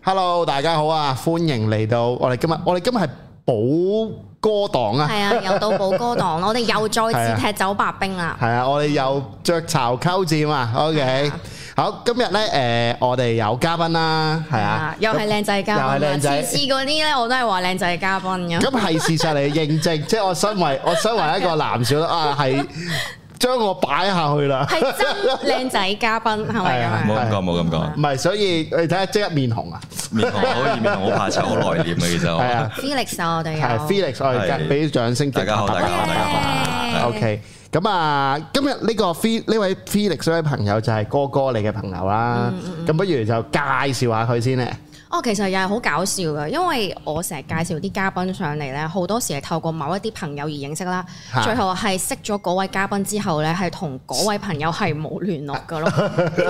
Hello，大家好啊！歡迎嚟到我哋今日，我哋今日係寶藥黨啊！係啊，又到寶藥黨我哋又再次踢走白兵啦！係啊，我哋又雀巢鳩佔、okay、啊！OK，好，今日咧誒，我哋有嘉賓啦，係啊，啊，又係靚仔嘉賓啊！次次嗰啲咧，我都係話靚仔嘉賓咁。咁係事實嚟認證， 即係我身為我身為一個男小 啊係。將我擺下去啦，係真靚仔嘉賓，係咪啊？冇咁覺，冇咁覺。唔係，所以你睇下即刻面紅啊，面紅好熱，面紅好怕醜，好內斂嘅其實。係啊，Felix 我哋，係 Felix 我哋，俾啲掌聲，大家好，大家好，大家好。OK，咁啊，今日呢個 F 呢位 Felix 呢位朋友就係哥哥你嘅朋友啦。咁不如就介紹下佢先咧？哦，其實又係好搞笑嘅，因為我成日介紹啲嘉賓上嚟咧，好多時係透過某一啲朋友而認識啦。最後係識咗嗰位嘉賓之後咧，係同嗰位朋友係冇聯絡嘅咯。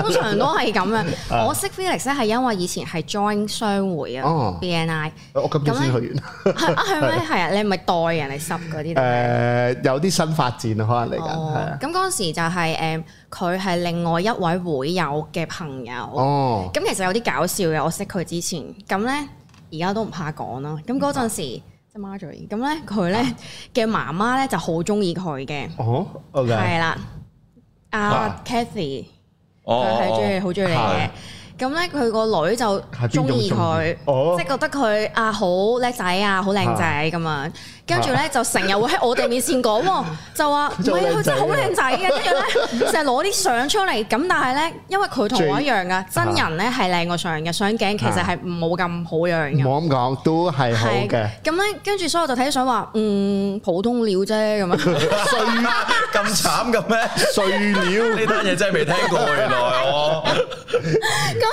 通常都係咁樣。我識 Felix 係因為以前係 join 商會啊，BNI。我今去完。係啊係咩？係啊，你係咪代人嚟 sub 嗰啲？誒，有啲新發展可能嚟緊。咁嗰時就係誒。佢係另外一位會友嘅朋友，咁其實有啲搞笑嘅。我識佢之前，咁咧而家都唔怕講啦。咁嗰陣時，即係 Margery，咁咧佢咧嘅媽媽咧就好中意佢嘅，哦，係啦，阿 Kathy 佢係中意好中意你嘅。咁咧佢個女就中意佢，即係覺得佢啊好叻仔啊，好靚仔咁啊！跟住咧就成日會喺我哋面前講，就話唔係啊，真係好靚仔嘅。跟住咧成日攞啲相出嚟，咁但係咧，因為佢同我一樣噶,真人咧係靚過相嘅，相鏡其實係冇咁好樣嘅。冇咁講，都係好嘅。咁咧，跟住所以我就睇咗相話，嗯，普通料啫咁樣啊，碎咩咁慘嘅咩？碎料呢單嘢真係未聽過，原來我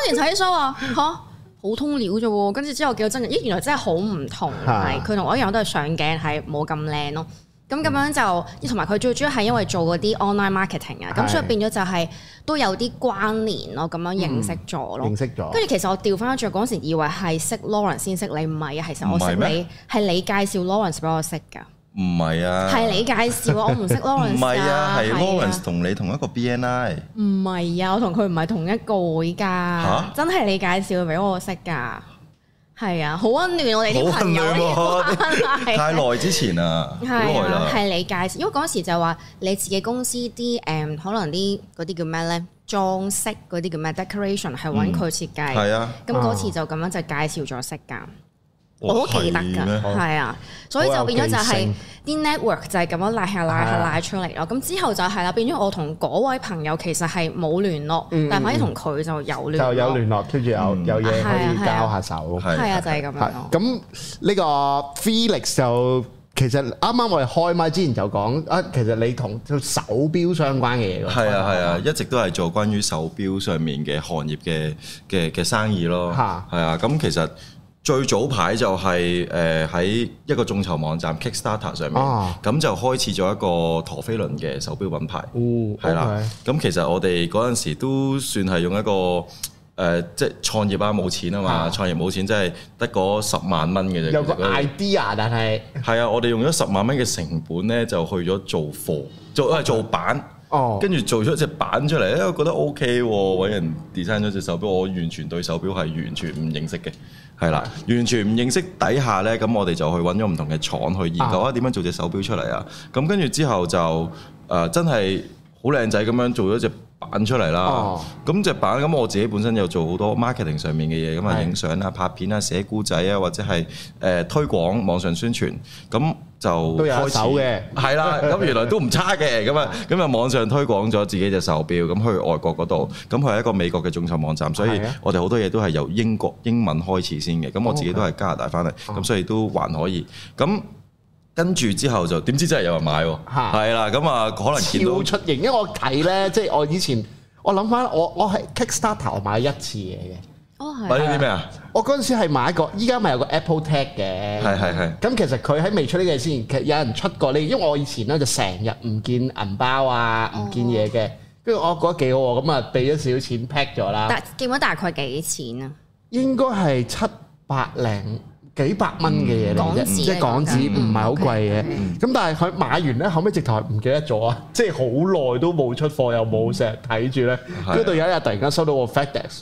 竟然睇相啊，吓！普通料啫喎，跟住之後見到真人，咦，原來真係好唔同，係佢同我一樣都係上鏡，係冇咁靚咯。咁咁樣就同埋佢最主要係因為做嗰啲 online marketing 啊、嗯，咁所以變咗就係都有啲關聯咯，咁樣認識咗咯、嗯。認識咗。跟住其實我調翻轉嗰陣時以為係識 Lawrence 先識你，唔係啊，其實我識你係你介紹 Lawrence 俾我識㗎。唔係啊，係你介紹我唔識 Lawrence 唔係啊，係 Lawrence 同你同一個 BNI。唔係啊，我同佢唔係同一個會㗎，啊、真係你介紹俾我識㗎，係啊，好温暖我哋啲朋友，啊、 太耐之前啊。好耐啦，係你介紹，因為嗰時就話你自己公司啲誒，可能啲嗰啲叫咩咧裝飾嗰啲叫咩 decoration 係揾佢設計，係、嗯、啊，咁嗰次就咁樣就介紹咗識㗎。我好記得㗎，係啊，所以就變咗就係啲 network 就係咁樣拉下拉下拉出嚟咯。咁之後就係啦，變咗我同嗰位朋友其實係冇聯絡，但係可以同佢就有聯就有聯絡，跟住有有嘢可以交下手。係啊，就係咁樣。咁呢個 Felix 就其實啱啱我哋開麥之前就講啊，其實你同手錶相關嘅嘢㗎。係啊係啊，一直都係做關於手錶上面嘅行業嘅嘅嘅生意咯。係啊，咁其實。最早排就係誒喺一個眾籌網站 Kickstarter 上面，咁、啊、就開始咗一個陀飛輪嘅手錶品牌，係啦。咁其實我哋嗰陣時都算係用一個誒、呃，即係創業啊冇錢啊嘛，啊創業冇錢即係得嗰十萬蚊嘅啫。有個 idea，但係係啊，我哋用咗十萬蚊嘅成本咧，就去咗做貨，做啊 okay. 做版。哦、跟住做出隻版出嚟咧，哎，我覺得 O K 喎，揾人 design 咗隻手錶，我完全對手錶係完全唔認識嘅，係啦，完全唔認識底下呢。咁我哋就去揾咗唔同嘅廠去研究下點樣做隻手錶出嚟啊，咁跟住之後就誒、呃、真係好靚仔咁樣做咗隻版出嚟啦，咁隻版咁我自己本身又做好多 marketing 上面嘅嘢，咁啊影相啊拍片啊寫故仔啊或者係誒、呃、推廣網上宣傳咁。就開手嘅，係啦，咁原來都唔差嘅，咁啊，咁啊，網上推廣咗自己隻手錶，咁去外國嗰度，咁佢係一個美國嘅眾籌網站，所以我哋好多嘢都係由英國英文開始先嘅，咁我自己都係加拿大翻嚟，咁、哦 okay. 所以都還可以，咁跟住之後就點知真係有人買喎，係啦， 咁啊可能見到超出型，因為我睇呢， 即係我以前我諗翻，我我係 Kickstarter 買一次嘢嘅。買咗啲咩啊？哦、我嗰陣時係買一個，依家咪有個 Apple Tag 嘅。係係係。咁其實佢喺未出呢之前，其實有人出過呢。因為我以前咧就成日唔見銀包啊，唔見嘢嘅。跟住、哦、我覺得幾好，咁啊俾咗少少錢 pack 咗啦。但係見到大概幾錢、嗯、啊？應該係七百零幾百蚊嘅嘢嚟嘅，即係港紙唔係好貴嘅。咁但係佢買完咧，後尾直頭唔記得咗啊！即係好耐都冇出貨，又冇成日睇住咧。跟住到有一日突然間收到個 FedEx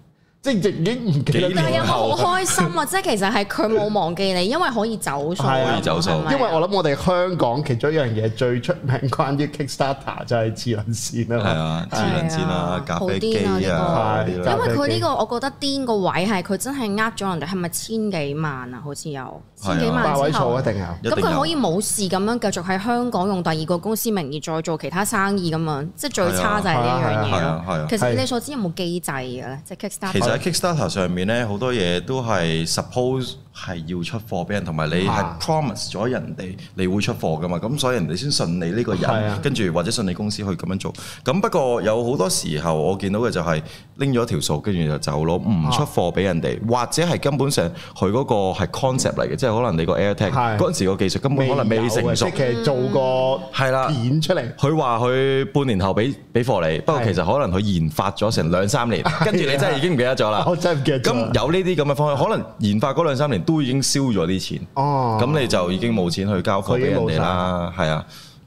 即係已經唔記得。係啊，好開心啊！即係其實係佢冇忘記你，因為可以走數。係啊，因為我諗我哋香港其中一樣嘢最出名，關於 Kickstarter 就係智能線啊嘛。係啊，智能線啊，咖啡啊，因為佢呢個我覺得癲個位係佢真係呃咗人哋，係咪千幾萬啊？好似有千幾萬之後，八位數一定有。咁佢可以冇事咁樣繼續喺香港用第二個公司名義再做其他生意咁樣。即係最差就係呢樣嘢。其實你所知有冇機制嘅咧？即係 Kickstarter。喺 Kickstarter 上面咧，好多嘢都係 suppose 係要出貨俾人，同埋你係 promise 咗人哋你會出貨噶嘛？咁所以人哋先信你呢個人，跟住或者信你公司去咁樣做。咁不過有好多時候，我見到嘅就係拎咗條數，跟住就走咯，唔出貨俾人哋，或者係根本上佢嗰個係 concept 嚟嘅，即係可能你個 AirTag 嗰陣時個技術根本可能未成熟嘅，做個係啦，片出嚟。佢話佢半年後俾俾貨你，不過其實可能佢研發咗成兩三年，跟住你真係已經唔記得咗。咗啦，咁有呢啲咁嘅方向， 可能研發嗰兩三年都已經燒咗啲錢，咁、哦、你就已經冇錢去交貨俾人哋啦，係啊，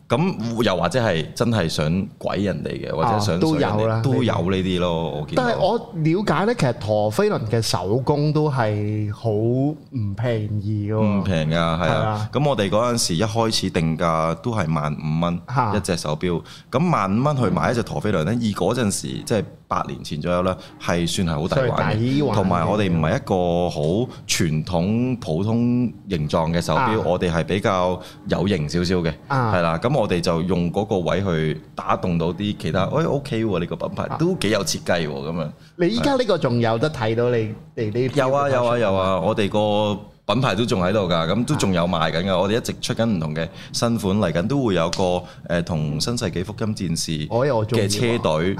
咁又或者係真係想鬼人哋嘅，哦、或者想都有啦，都有呢啲咯。我但係我了解咧，其實陀飛輪嘅手工都係好唔便宜喎，唔平㗎，係啊。咁的我哋嗰陣時一開始定價都係萬五蚊，的一隻手錶，咁萬五蚊去買一隻陀飛輪咧，而嗰陣時即係，八年前左右咧，係算係好大位，同埋我哋唔係一個好傳統普通形狀嘅手錶，啊、我哋係比較有型少少嘅，係啦、啊。咁我哋就用嗰個位去打動到啲其他，喂、哎、OK 喎，呢、呢個品牌、啊、都幾有設計喎，咁樣。你依家呢個仲有得睇到你哋呢啲、啊？有啊有啊有啊，我哋、嗰個。品牌都仲喺度㗎，咁都仲有賣緊㗎。的我哋一直出緊唔同嘅新款嚟緊，都會有個誒同、呃、新世紀福音戰士嘅車隊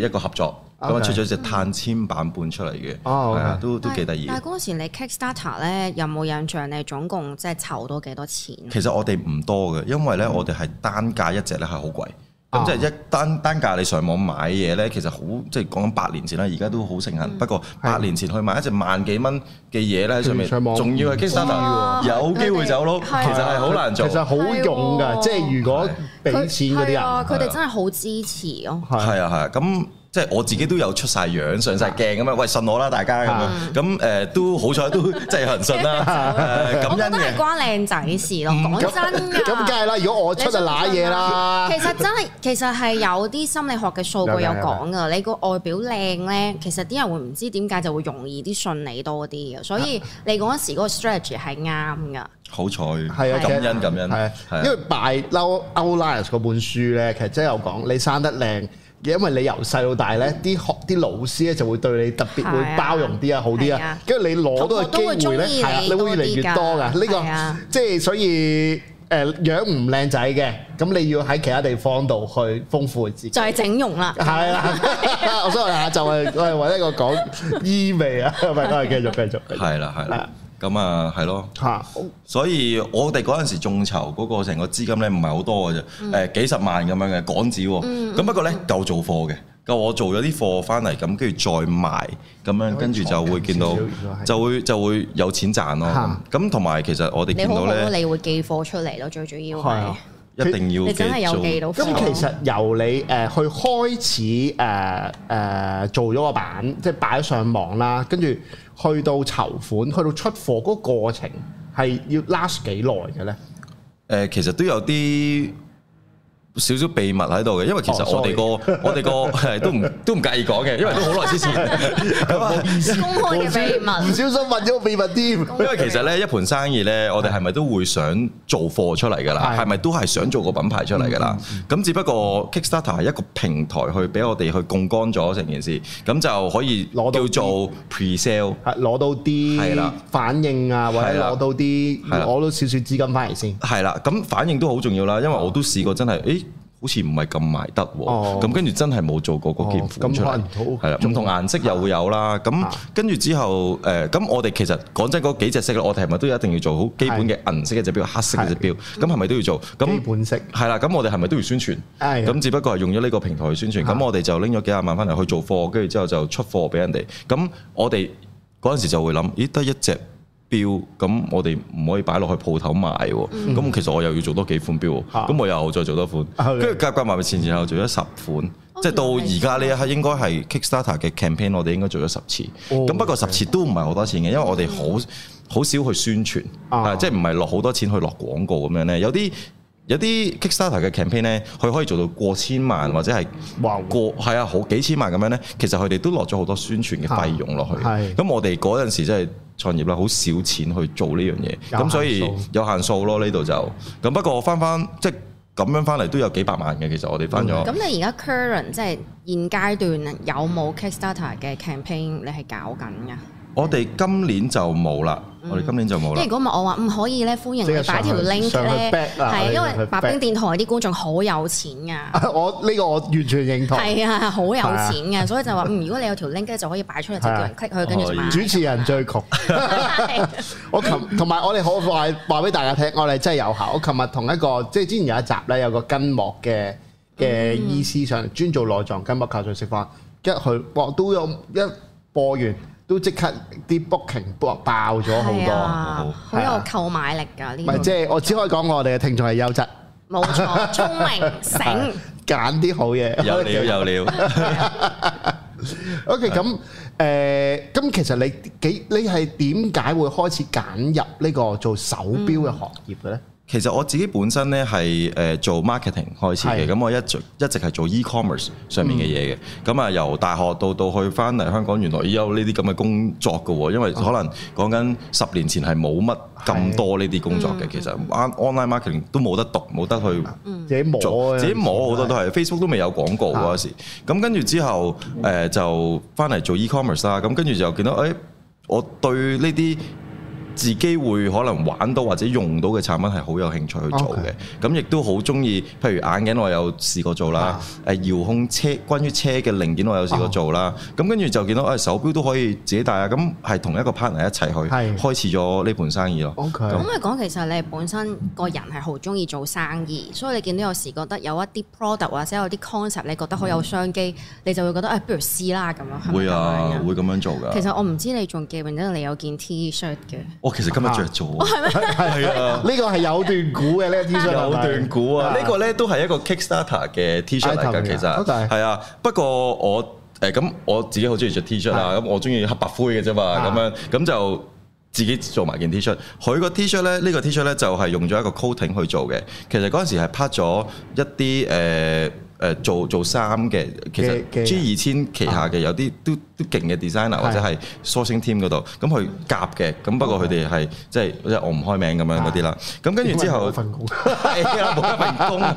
嘅一個合作。咁啊的，嗯、出咗隻碳纖版本出嚟嘅，係、嗯、啊，嗯、都都幾得意。但係嗰時你 Kickstarter 咧，有冇印象？你總共即係籌到幾多錢？其實我哋唔多嘅，因為咧、嗯、我哋係單價一隻咧係好貴。咁即係一單單價，你上網買嘢咧，其實好即係講緊八年前啦，而家都好盛行。嗯、不過八年前去買一隻萬幾蚊嘅嘢咧，上面仲要係 Kickstarter, 哇 有機會走佬。們其實係好難做，其實好用㗎。啊、即係如果俾錢嗰啲人，佢哋、啊啊、真係好支持哦。係啊係啊，咁、啊。即係我自己都有出晒樣上晒鏡咁樣，喂，信我啦大家咁樣，咁誒都好彩都即係有人信啦，感恩。我覺得係關靚仔事咯。講真，咁梗係啦，如果我出就揦嘢啦。其實真係其實係有啲心理學嘅數據有講噶，你個外表靚咧，其實啲人會唔知點解就會容易啲信你多啲嘅，所以你嗰陣時個 strategy 係啱噶。好彩係啊，感恩感恩。係，因為 Outliers 嗰本書咧，其實真係有講你生得靚。因為你由細到大咧，啲學啲老師咧就會對你特別會包容啲啊，好啲啊，跟住你攞到嘅機會咧，係啊，你會越嚟越多噶。呢個即係所以誒樣唔靚仔嘅，咁你要喺其他地方度去豐富自己，就係整容啦。係啊，我想話下就係我係為一個講醫美啊，唔我哋繼續繼續。係啦，係啦。咁啊，係咯、嗯，嗯、所以我哋嗰陣時眾籌嗰個成個資金咧，唔係好多嘅啫，誒幾十萬咁樣嘅港紙喎，咁、嗯、不過咧夠做貨嘅，夠我做咗啲貨翻嚟，咁跟住再賣，咁、嗯、樣跟住就會見到，就會就會有錢賺咯。咁同埋其實我哋見到咧，你會寄貨出嚟咯，最主要係。一定要。你有記到。咁其實由你誒去、呃、開始誒誒、呃呃、做咗個版，即係擺咗上網啦，跟住去到籌款，去到出貨嗰個過程係要 last 幾耐嘅咧？誒、呃，其實都有啲。少少秘密喺度嘅，因為其實我哋個我哋個都唔都唔介意講嘅，因為都好耐之前公開嘅秘密，唔小心問咗個秘密添。因為其實咧一盤生意咧，我哋係咪都會想做貨出嚟㗎啦？係咪都係想做個品牌出嚟㗎啦？咁只不過 Kickstarter 係一個平台去俾我哋去槓桿咗成件事，咁就可以攞到，叫做 pre-sale，攞到啲係啦反應啊，或者攞到啲攞到少少資金翻嚟先係啦。咁反應都好重要啦，因為我都試過真係誒。好似唔係咁賣得喎，咁跟住真係冇做過嗰件貨出嚟，係啦，唔同顏色又會有啦。咁跟住之後，誒咁我哋其實講真嗰幾隻色咯，我哋係咪都一定要做好基本嘅銀色一隻表，黑色一隻表，咁係咪都要做？基本色係啦。咁我哋係咪都要宣傳？係。咁只不過係用咗呢個平台去宣傳。咁我哋就拎咗幾廿萬翻嚟去做貨，跟住之後就出貨俾人哋。咁我哋嗰陣時就會諗，咦，得一隻。錶，咁我哋唔可以擺落去鋪頭賣喎，咁、嗯、其實我又要做多幾款錶。哦、咁、啊、我又再做多款，跟住夾夾埋咪前前後後做咗十款，Okay. 即係到而家呢一刻應該係 Kickstarter 嘅 campaign，我哋應該做咗十次，咁、oh, okay. 不過十次都唔係好多錢嘅，因為我哋好好少去宣傳啊，oh, okay. 即係唔係落好多錢去落廣告咁樣咧，有啲。有啲 Kickstarter 嘅 campaign 咧，佢可以做到過千萬或者係過係哇啊，好幾千萬咁樣咧，其實佢哋都落咗好多宣傳嘅費用落去。咁、啊、我哋嗰陣時真係創業啦，好少錢去做呢樣嘢，咁、嗯、所以有限，有限數咯呢度就。咁不過翻翻即係咁樣翻嚟都有幾百萬嘅，其實我哋翻咗。咁、嗯、你而家 current 即係現階段有冇 Kickstarter 嘅 campaign？你係搞緊㗎？我哋今年就冇啦，我哋今年就冇啦。即係如果我話，唔可以咧，歡迎你擺條 link 咧，係因為白兵電台啲觀眾好有錢㗎。我呢個我完全認同。係啊，好有錢㗎，所以就話，如果你有條 link 咧，就可以擺出嚟就叫人 click 佢，跟住。主持人最窮。我琴，同埋我哋好快話俾大家聽，我哋真係有效。我琴日同一個，即係之前有一集咧，有個筋膜嘅嘅醫師上嚟，專做內臟筋膜構造釋放，一佢播都有一播完。都即刻啲 booking book 爆咗好多，啊、好有購買力噶？呢啲唔係，即係我只可以講，我哋嘅聽眾係優質，冇錯，聰明醒，揀啲 好嘢。有料有料。OK，咁誒，咁、呃、其實你幾？你係點解會開始揀入呢個做手錶嘅行業嘅咧？嗯其實我自己本身咧係誒做 marketing 開始嘅，咁的我一直一直係做 e-commerce 上面嘅嘢嘅，咁啊、嗯、由大學到到去翻嚟香港，原來已有呢啲咁嘅工作嘅，因為可能講緊十年前係冇乜咁多呢啲工作嘅，的其實 online marketing 都冇得讀，冇得去自己摸，自己摸好多都係的 Facebook 都未有廣告嗰時，咁、啊、跟住之後誒、呃、就翻嚟做 e-commerce 啦，咁跟住就見到誒、欸，我對呢啲。自己會可能玩到或者用到嘅產品係好有興趣去做嘅，咁亦都好中意。譬如眼鏡我有試過做啦，誒遙控車關於車嘅零件我有試過做啦。咁跟住就見到誒手錶都可以自己戴啊。咁係同一個 partner 一齊去開始咗呢盤生意咯。咁嚟講，其實你本身個人係好中意做生意，所以你見到有時覺得有一啲 product 或者有啲 concept 你覺得好有商機，你就會覺得誒不如試啦咁咯。會啊，會咁樣做㗎。其實我唔知你仲記唔記得你有件 T-shirt 嘅。我、哦、其實今日着咗，係啊，呢個係有段估嘅呢 個 T 恤，係咪有段估啊？呢個咧都係一個 Kickstarter 嘅 T 恤嚟嘅。item 其實係 the ,、okay. 啊。不過我誒咁、欸、我自己好中意着 T 恤啊，咁我中意黑白灰嘅啫嘛，咁、啊、樣咁就自己做埋件 T 恤。佢、啊呢個 T 恤咧，呢個 T 恤咧就係用咗一個 coating 去做嘅。其實嗰陣時係拍咗一啲誒。呃誒做做衫嘅，其實 G 二千旗下嘅有啲都都勁嘅 designer 或者係蘇星 team 嗰度，咁佢夾嘅，咁不過佢哋係即係即係戇唔開名咁樣嗰啲啦。咁跟住之後冇份工，係份工咁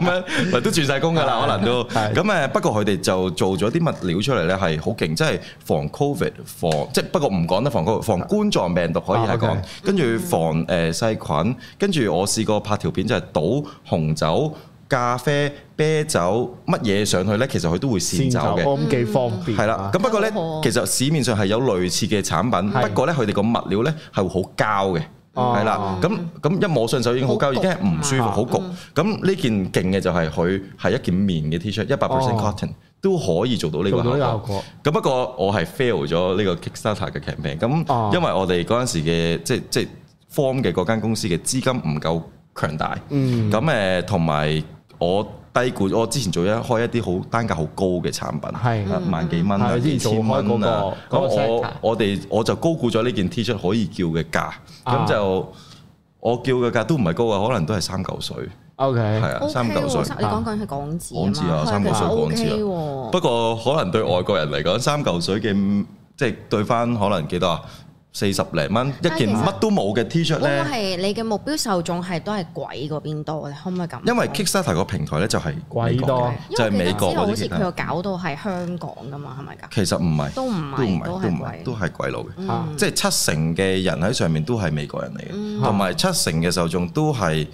樣，都轉晒工噶啦，可能都。咁誒不過佢哋就做咗啲物料出嚟咧，係好勁，即係防 covid 防即係不過唔講得防防冠狀病毒可以係講，跟住防誒細菌，跟住我試過拍條片就係倒紅酒。咖啡、啤酒乜嘢上去咧，其實佢都會跣走嘅。幾方便，係啦，咁不過咧，其實市面上係有類似嘅產品，不過咧佢哋個物料咧係會好膠嘅，係啦。咁咁一摸上手已經好膠，已經係唔舒服，好焗。咁呢件勁嘅就係佢係一件棉嘅 T 恤，一百 percent cotton 都可以做到呢個效果。咁不過我係 fail 咗呢個 Kickstarter 嘅 campaign。咁因為我哋嗰陣時嘅即即 form 嘅嗰間公司嘅資金唔夠強大。咁誒，同埋。我低估，我之前做一開一啲好單價好高嘅產品，萬幾蚊啊，幾千蚊啊。咁我我哋我就高估咗呢件 T 恤可以叫嘅價。咁就我叫嘅價都唔係高啊，可能都係三嚿水。OK，係啊，三嚿水。你講緊係港紙啊？港紙啊，三嚿水港紙啊。不過可能對外國人嚟講，三嚿水嘅即係對返可能幾多？四十零蚊一件乜都冇嘅 T 恤，h i 咧，係你嘅目標受眾係都係鬼嗰邊多咧？可唔可以咁？因為 Kickstarter 個平台咧就係鬼多，就係美國嗰啲其他。因為好似佢又搞到係香港噶嘛，係咪㗎？其實唔係，都唔都唔都唔係，都係鬼佬嘅，即係七成嘅人喺上面都係美國人嚟嘅，同埋、嗯、七成嘅受眾都係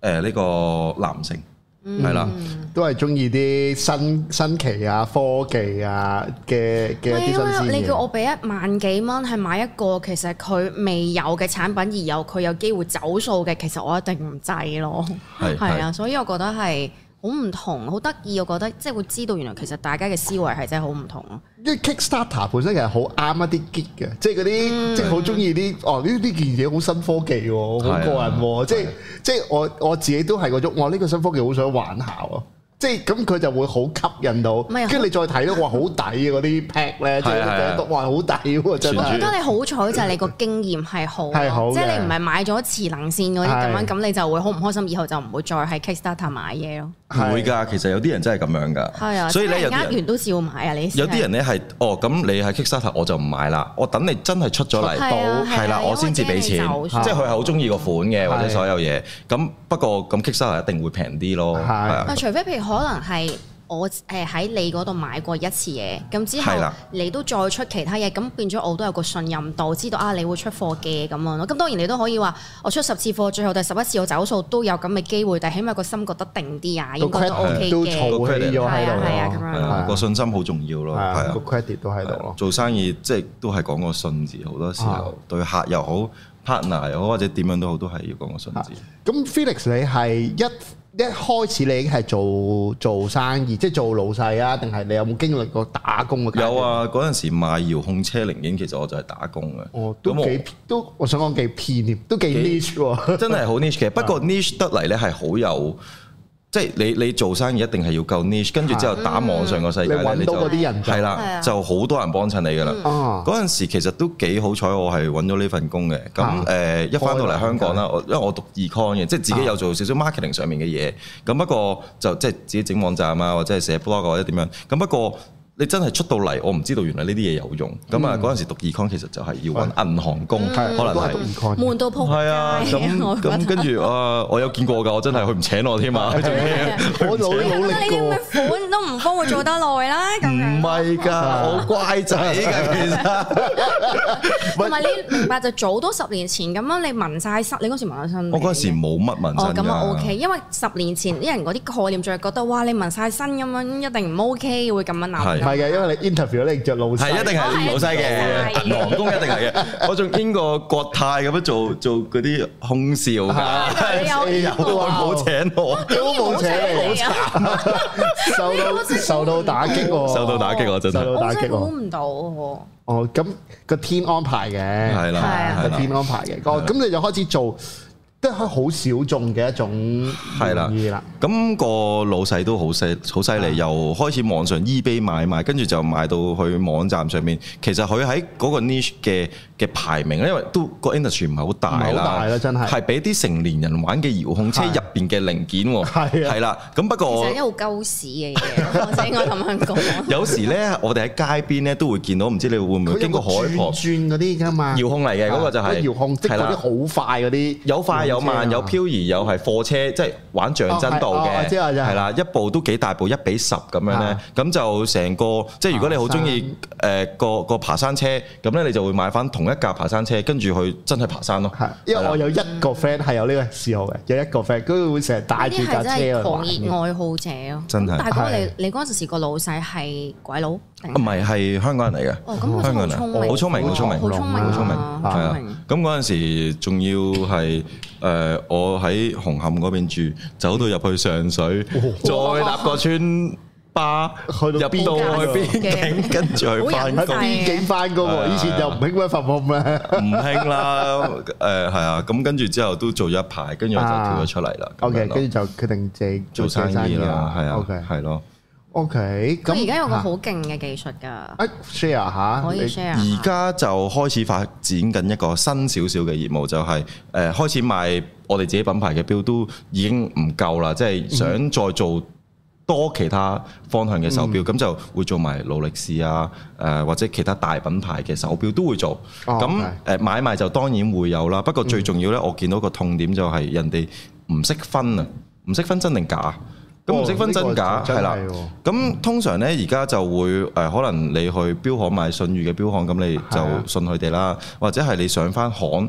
誒呢個男性。係啦，嗯、都係中意啲新新，新奇啊、科技啊嘅嘅啲新嘅思。你叫我俾一萬幾蚊，係買一個其實佢未有嘅產品，而有佢有機會走數嘅，其實我一定唔制咯。係係是 啊，是所以我覺得係。好唔同，好得意，我覺得即係會知道原來其實大家嘅思維係真係好唔同咯。因為 Kickstarter 本身其實好啱一啲 geek 嘅，嗯、即係嗰啲即係好中意啲哦呢呢件嘢好新科技喎，好過癮喎，即係即係我我自己都係嗰種，哇呢、呢個新科技好想玩下喎。即係咁佢就會好吸引到，跟住你再睇到哇好抵嗰啲 pack 咧，即係都哇好抵喎！真係，不過你好彩就係你個經驗係好，即係你唔係買咗磁能線嗰啲咁樣，咁你就會好唔開心，以後就唔會再喺 Kickstarter 買嘢咯。唔會㗎，其實有啲人真係咁樣㗎。係啊，所以你有啲人都照買啊。你有啲人咧係哦，咁你喺 Kickstarter 我就唔買啦，我等你真係出咗嚟到係啦，我先至俾錢。即係佢係好中意個款嘅或者所有嘢。咁不過咁 Kickstarter 一定會平啲咯。係啊，除非譬如。可能係我誒喺你嗰度買過一次嘢，咁之後你都再出其他嘢，咁變咗我都有個信任度，知道啊你會出貨嘅咁樣咯。咁當然你都可以話我出十次貨，最後第十一次我走數都有咁嘅機會，但係起碼個心覺得定啲啊，應該都 OK 嘅。都儲佢喺度，係啊，係啊，咁樣個信心好重要咯。係啊，個 credit 都喺度咯。做生意即係都係講個信字，好多時候對客又好，partner 又好，或者點樣都好，都係要講個信字。咁，Felix 你係一。一開始你已經係做做生意，即係做老細啊？定係你有冇經歷過打工嘅階段？有啊，嗰陣時賣遙控車零件，其實我就係打工嘅。哦，都幾我都我想講幾偏，都幾 niche 喎、啊。真係好 niche 嘅， 不過 niche 得嚟咧係好有。即係你你做生意一定係要夠 niche，跟住之後打網上個世界你就係啦，就好多人幫襯你噶啦。嗰陣、嗯、時其實都幾好彩，我係揾咗呢份工嘅。咁、嗯、誒、啊呃，一返到嚟香港啦，因為我讀 econ 嘅，即係自己有做少少 marketing 上面嘅嘢。咁、啊、不過就即係、就係、自己整網站啊，或者係寫 blog、啊、或者點樣。咁不過。你真係出到嚟，我唔知道原來呢啲嘢有用。咁啊，嗰陣時讀 econ 其實就係要揾銀行工，可能係悶到撲街。啊，咁跟住啊，我有見過㗎，我真係佢唔請我添嘛。我就好力過。你啲款都唔幫我做得耐啦。唔係㗎，好乖仔㗎。唔係你，明白，就早都十年前咁樣，你紋晒，你嗰時紋曬身。我嗰時冇乜紋身。哦，咁啊 OK，因為十年前啲人嗰啲概念就係覺得，哇！你紋晒身咁樣一定唔 OK，會咁樣鬧。係嘅，因為你 interview 咧，你著老西，係一定係老西嘅，勞工一定係嘅。我仲經過國泰咁樣做做嗰啲空少啊，有有都話冇請我，都冇請你啊！受到受到打擊，受到打擊，我真係。估唔到哦。哦，咁個天安排嘅，係啦，係啦，個天安排嘅。哦，咁你就開始做。都係好小眾嘅一種生意啦。咁個老細都好犀好犀利，又開始網上 eBay 買賣，跟住就賣到去網站上面。其實佢喺嗰個 niche 嘅嘅排名，因為都個 industry 唔係好大啦，係俾啲成年人玩嘅遙控車入邊嘅零件喎。係，係啦，咁不過其實一好鳩屎嘅嘢，我咁樣講。有時咧，我哋喺街邊咧都會見到，唔知你會唔會經過海旁轉嗰啲㗎嘛？遙控嚟嘅嗰個就係遙控，即係啲好快啲，有快，慢嗯、有慢有漂移有係貨車，即係玩象真度嘅，係、哦哦、啦，一部都幾大部，一比十咁樣咧，咁、啊、就成個即係如果你好中意誒個個爬山車，咁咧你就會買翻同一架爬山車，跟住去真係爬山咯。啊、啦因為我有一個 friend 係有呢個嗜好嘅，有一個 friend 佢會成日帶住架車去玩。狂熱愛好者咯，真係。大哥，你你嗰陣時個老細係鬼佬？唔係，係香港人嚟嘅。香港人，好聰明，好聰明，好聰明，好聰明，係啊！咁嗰陣時仲要係誒，我喺紅磡嗰邊住，走到入去上水，再搭個村巴，入邊度去邊境，跟住去辦個邊境班嘅喎。以前又唔興咩分屋咩，唔興啦誒，係啊！咁跟住之後都做咗一排，跟住我就跳咗出嚟啦。OK，跟住就決定自己做生意啦。係啊，OK，係咯。OK，咁而家有個好勁嘅技術㗎，啊、可以 share 下。而家就開始發展緊一個新少少嘅業務，就係、是、誒開始賣我哋自己品牌嘅表都已經唔夠啦，即、就、係、是、想再做多其他方向嘅手錶，咁、嗯、就會做埋勞力士啊，誒或者其他大品牌嘅手錶都會做。咁誒、哦、買賣就當然會有啦，嗯、不過最重要咧，我見到個痛點就係人哋唔識分啊，唔識分真定假。咁唔識分真假，咁通常呢而家就會、呃、可能你去錶行買信譽嘅錶行，咁你就信佢哋啦，是的，或者係你上返行。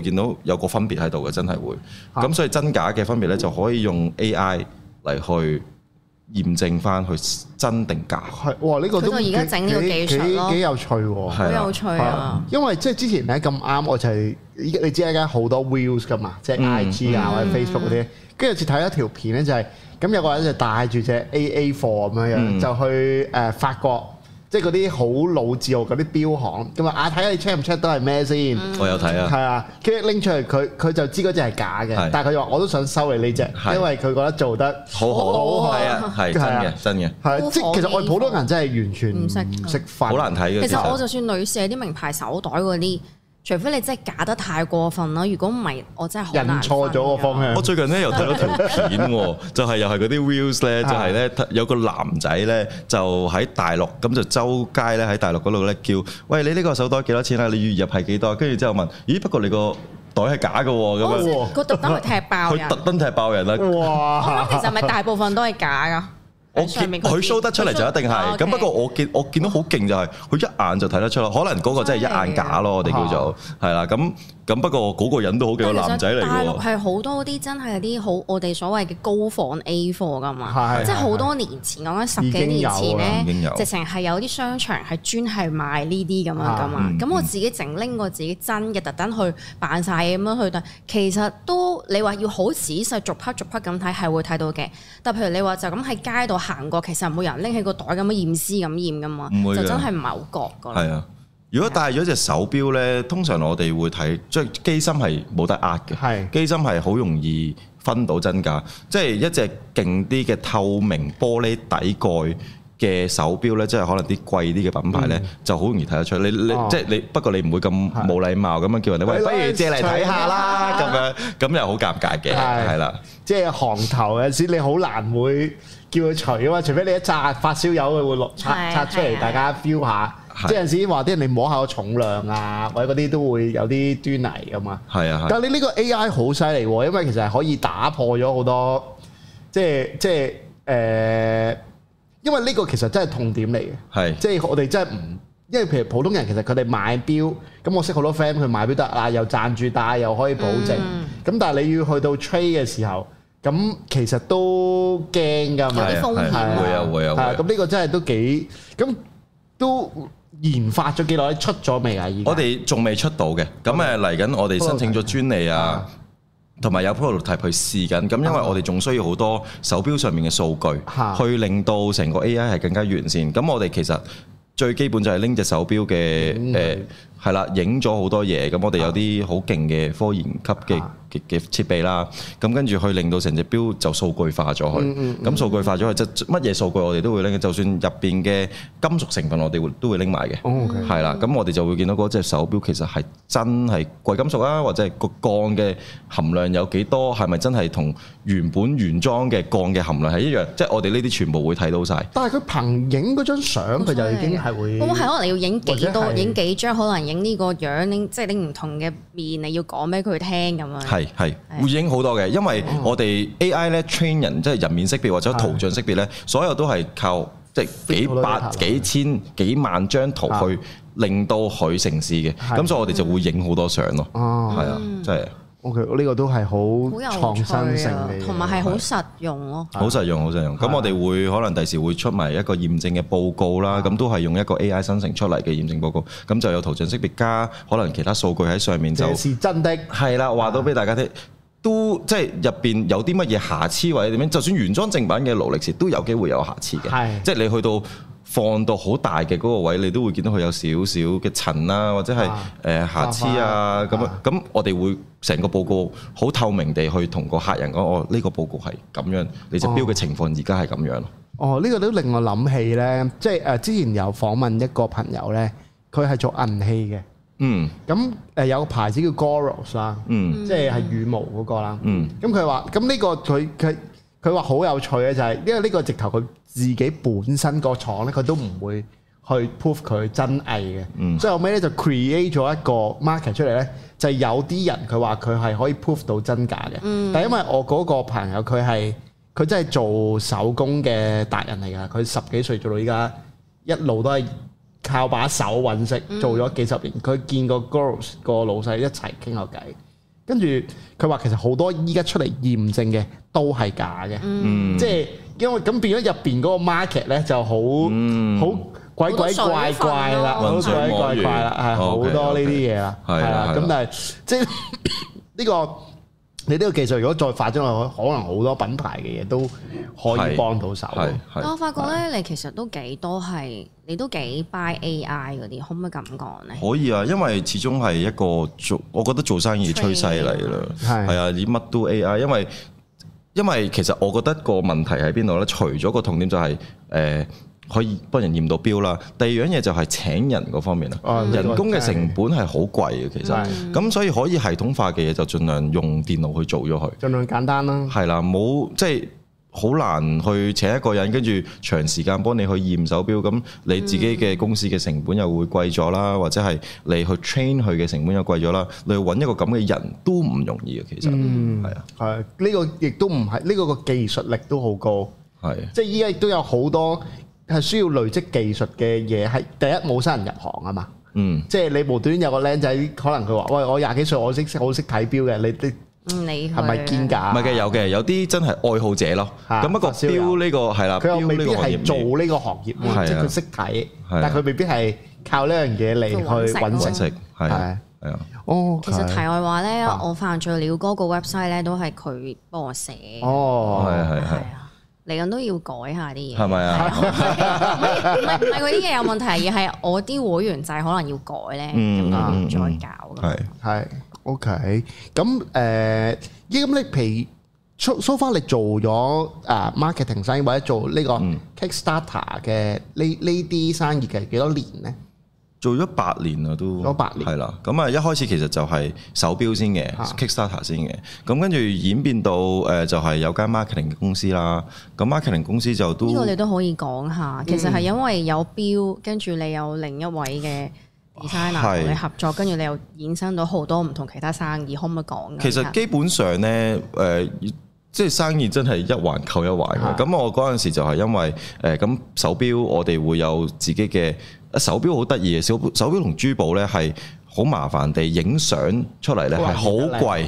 見到有個分別喺度嘅，真係會咁，的所以真假嘅分別咧就可以用 AI 嚟去驗證翻，去真定假。哇，呢、這個都幾幾有趣，好的有趣啊的！因為即係之前咧咁啱，我就係、是、你知啦，好多 views 噶嘛，即、就、係、是、IG 啊、嗯、或者 Facebook 嗰啲，跟住似睇一條片咧，就係、是、咁有個人就帶住隻 AA 貨咁樣樣，嗯、就去誒法國。即係嗰啲好老字號嗰啲錶行，咁啊啊睇下你 check 唔 check 到係咩先？我有睇啊，係啊，跟住拎出嚟，佢佢就知嗰隻係假嘅。但係佢話我都想收你呢隻，因為佢覺得做得好好，係啊，係真嘅，真嘅。係，即係其實我哋普通人真係完全唔識唔識分。好難睇嘅。其實我就算女寫啲名牌手袋嗰啲。除非你真係假得太過分啦，如果唔係，我真係好難。人錯咗個方向。 我最近咧 又睇咗條片喎，就係又係嗰啲 views 咧，就係咧有個男仔咧就喺大陸咁就周街咧喺大陸嗰度咧叫，喂你呢個手袋幾多錢啊？你月入係幾多？跟住之後問，咦不過你個袋係假嘅喎咁啊！佢特登踢爆，佢特登踢爆人啦！ 人啊、哇！咁其實咪大部分都係假嘅。我見佢 show 得出嚟就一定係，咁不過我見我見到好勁就係、是，佢一眼就睇得出咯。可能嗰個真係一眼假咯，我哋叫做係啦，咁。 咁不過嗰個人都好嘅男仔嚟。大陸係好多啲真係啲好我哋所謂嘅高仿 A 貨噶嘛，是是是，即係好多年前，講緊十幾年前呢，直情係有啲商場係專係賣呢啲咁樣噶嘛。咁、啊嗯嗯、我自己淨拎過自己真嘅，特登去扮曬咁樣去，但其實都你話要好仔細逐匹逐匹咁睇，係會睇到嘅。但譬如你話就咁喺街度行過，其實冇人拎起個袋咁樣驗屍咁驗噶嘛，就真係唔係好覺嘅。係如果戴咗隻手錶咧，通常我哋會睇，即係機芯係冇得壓嘅，機芯係好容易分到真假。即係一隻勁啲嘅透明玻璃底蓋嘅手錶咧，即係可能啲貴啲嘅品牌咧，就好容易睇得出。你你即係你，不過你唔會咁冇禮貌咁樣叫人哋，喂，不如借嚟睇下啦，咁樣咁又好尷尬嘅，係啦。即係行頭有時你好難會叫佢除啊嘛，除非你一紮發燒友佢會落拆拆出嚟，大家 feel 下。是啊、即係有陣時話啲人嚟摸下個重量啊，或者嗰啲都會有啲端倪㗎嘛。係是啊，但係你呢個 AI 好犀利喎，因為其實係可以打破咗好多，即係即係誒、欸，因為呢個其實真係痛點嚟嘅。係，即係我哋真係唔，因為譬如普通人其實佢哋買表，咁我識好多 friend 佢買表得啊，又賺住戴又可以保證。咁、嗯、但係你要去到 trade 嘅時候，咁其實都驚㗎嘛，啲風險。會啊會啊，咁呢個真係都幾咁都。研發咗幾耐，出咗未啊？我哋仲未出到嘅，咁誒嚟緊，我哋申請咗專利啊，同埋有 prototype 去試緊。咁因為我哋仲需要好多手錶上面嘅數據，去令到成個 AI 係更加完善。咁我哋其實最基本就係拎隻手錶嘅誒，係啦，影咗好多嘢。咁我哋有啲好勁嘅科研級嘅嘅設備啦，咁跟住去令到成隻錶就數據化咗佢，咁數據化咗佢即係乜嘢數據我哋都會拎，就算入邊嘅金屬成分我哋都會拎埋嘅，係啦，咁我哋就會見到嗰隻手錶其實係真係貴金屬啊，或者係個鋼嘅含量有幾多，係咪真係同原本原裝嘅鋼嘅含量係一樣？即係我哋呢啲全部會睇到晒。但係佢憑影嗰張相，佢就已經係會，我係可能要影幾多影幾張，可能影呢個樣，即係影唔同嘅面，你要講俾佢聽咁樣。係會影好多嘅，因為我哋 AI 咧 train 人即係人面識別或者圖像識別咧，的所有都係靠即係幾百幾千幾萬張圖去令到佢成事嘅，咁的所以我哋就會影好多相咯，哦，係啊，真係。OK，呢個都係好創新性，同埋係好實用咯。好實用，好實用。咁我哋會可能第時會出埋一個驗證嘅報告啦。咁是的 都係用一個 AI 生成出嚟嘅驗證報告。咁就有圖像識別加，可能其他數據喺上面就係真嘅。係啦，話到俾大家聽，是的 都即係入邊有啲乜嘢瑕疵或者點樣？就算原裝正版嘅勞力士都有機會有瑕疵嘅。係的，即係的你去到。放到好大嘅嗰個位，你都會見到佢有少少嘅塵啦、啊，或者係誒瑕疵啊咁啊。咁、呃、我哋會成個報告好透明地去同個客人講，啊、哦，呢、呢個報告係咁樣，你隻錶嘅情況而家係咁樣。哦，呢個都令我諗起咧，即係誒之前有訪問一個朋友咧，佢係做銀器嘅。嗯。咁誒有個牌子叫 Goros 啦，嗯，即係係羽毛嗰、嗰個啦。嗯。咁佢話，咁呢個佢佢。佢話好有趣嘅就係，因為呢個直頭佢自己本身個廠咧，佢都唔會去 prove 佢真偽嘅。所以後尾咧就 create 咗一個 market 出嚟咧，就係有啲人佢話佢係可以 prove 到真假嘅。但係因為我嗰個朋友佢係佢真係做手工嘅達人嚟噶，佢十幾歲做到依家，一路都係靠把手揾食，做咗幾十年。佢見個 girls 個老細一齊傾下偈。跟住佢話其實好多依家出嚟驗證嘅都係假嘅，嗯，即係因為咁變咗入邊嗰個 market 咧就好好鬼鬼怪怪啦，好鬼怪怪啦，係好多呢啲嘢啦，係啦，咁但係即係呢個。你呢個技術如果再發展落去，可能好多品牌嘅嘢都可以幫到手。但我發覺呢，是你其實都幾多係，你都幾 buy AI 嗰啲，可唔可以咁講咧？可以啊，因為始終係一個做，我覺得做生意嘅趨勢嚟啦。係啊，你乜都 AI，因為因為其實我覺得個問題喺邊度呢？除咗個痛點就係誒。呃可以幫人驗到錶啦。第二樣嘢就係請人嗰方面啦。哦、人工嘅成本係好貴嘅，其實。咁的所以可以系統化嘅嘢就盡量用電腦去做咗佢。盡量簡單啦。係啦，冇即係好難去請一個人，跟住長時間幫你去驗手錶。咁你自己嘅公司嘅成本又會貴咗啦，嗯、或者係你去 train 佢嘅成本又貴咗啦。你去揾一個咁嘅人都唔容易嘅，其實。係啊、嗯。係的。呢、呢個亦都唔係呢個個技術力都好高。係的。即係依家亦都有好多。係需要累積技術嘅嘢，係第一冇新人入行啊嘛。嗯，即係你無端端有個僆仔，可能佢話：喂，我廿幾歲，我識識好識睇表嘅。你你係咪堅㗎？唔係嘅，有嘅，有啲真係愛好者咯。咁一個表呢個係啦，佢又未必係做呢個行業，即係佢識睇，但係佢未必係靠呢樣嘢嚟去揾揾食。係啊係啊哦。其實題外話咧，我發現了嗰個 website 咧，都係佢幫我寫。哦，係係係。嚟緊都要改下啲嘢，係咪啊？唔係唔係嗰啲嘢有問題，而係我啲會員制可能要改咧，咁樣、嗯、再搞。係係 OK。咁、呃、誒，咁你譬如 so far 你做咗啊 marketing 生意或者做呢、呢個、嗯、Kickstarter 嘅呢呢啲生意嘅幾多年咧？做咗八年啊，都，八年，係啦，咁啊，一開始其實就係手錶先嘅，Kickstarter 先嘅，咁跟住演變到誒，就係有間 marketing 公司啦，咁 marketing 公司就都，呢個你都可以講下，嗯、其實係因為有錶，跟住你有另一位嘅 designer 同你合作，是跟住你又衍生到好多唔同其他生意，可唔可以講？其實基本上咧，誒、嗯呃，即係生意真係一環扣一環嘅，咁的我嗰陣時就係因為誒咁、呃、手錶，我哋會有自己嘅。手錶好得意，手手錶同珠寶呢係好麻煩地影相出嚟呢，係好貴。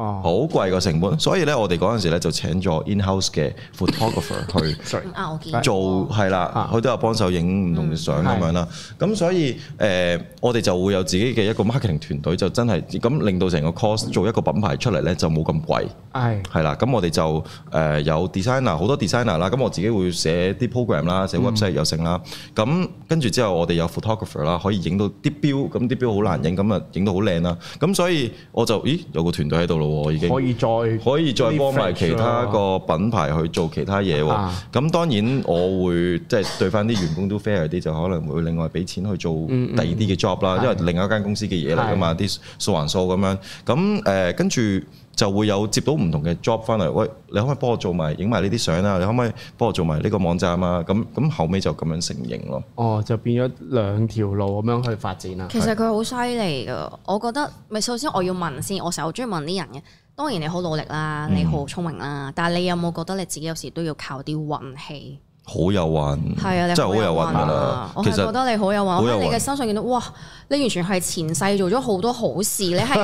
哦，好貴個成本，所以咧、 呃，我哋嗰陣時咧就請咗 in-house 嘅 photographer 去，做係啦，佢都有幫手影唔同嘅相咁樣啦。咁所以誒，我哋就會有自己嘅一個 marketing 團隊，就真係咁令到成個 course 做一個品牌出嚟咧，就冇咁貴，係係啦。咁我哋就誒、呃、有 designer 好多 designer 啦。咁我自己會寫啲 program 啦，寫 website 有剩啦。咁跟住之後，我哋有 photographer 啦，可以影到啲錶，咁啲錶好難影，咁啊影到好靚啦。咁所以我就咦有個團隊喺度咯。已經可以再可以再幫埋其他個品牌去做其他嘢喎，咁、啊、當然我會即係、就是、對翻啲員工都 fair 啲，就可能會另外俾錢去做第二啲嘅 job 啦，嗯嗯，因為另外一間公司嘅嘢嚟噶嘛，啲、嗯嗯、數還數咁樣，咁誒跟住。呃就會有接到唔同嘅 job 翻嚟，喂，你可唔可以幫我做埋影埋呢啲相啊？你可唔可以幫我做埋呢個網站啊？咁咁後尾就咁樣承型咯。哦，就變咗兩條路咁樣去發展啦。其實佢好犀利㗎，我覺得咪首先我要問先，我成日好中意問啲人嘅。當然你好努力啦，你好聰明啦，嗯、但係你有冇覺得你自己有時都要靠啲運氣？好有運，真係好有運㗎啦！啊、實我係覺得你好有運，我喺你嘅身上見到，哇！你完全係前世做咗好多好事，你係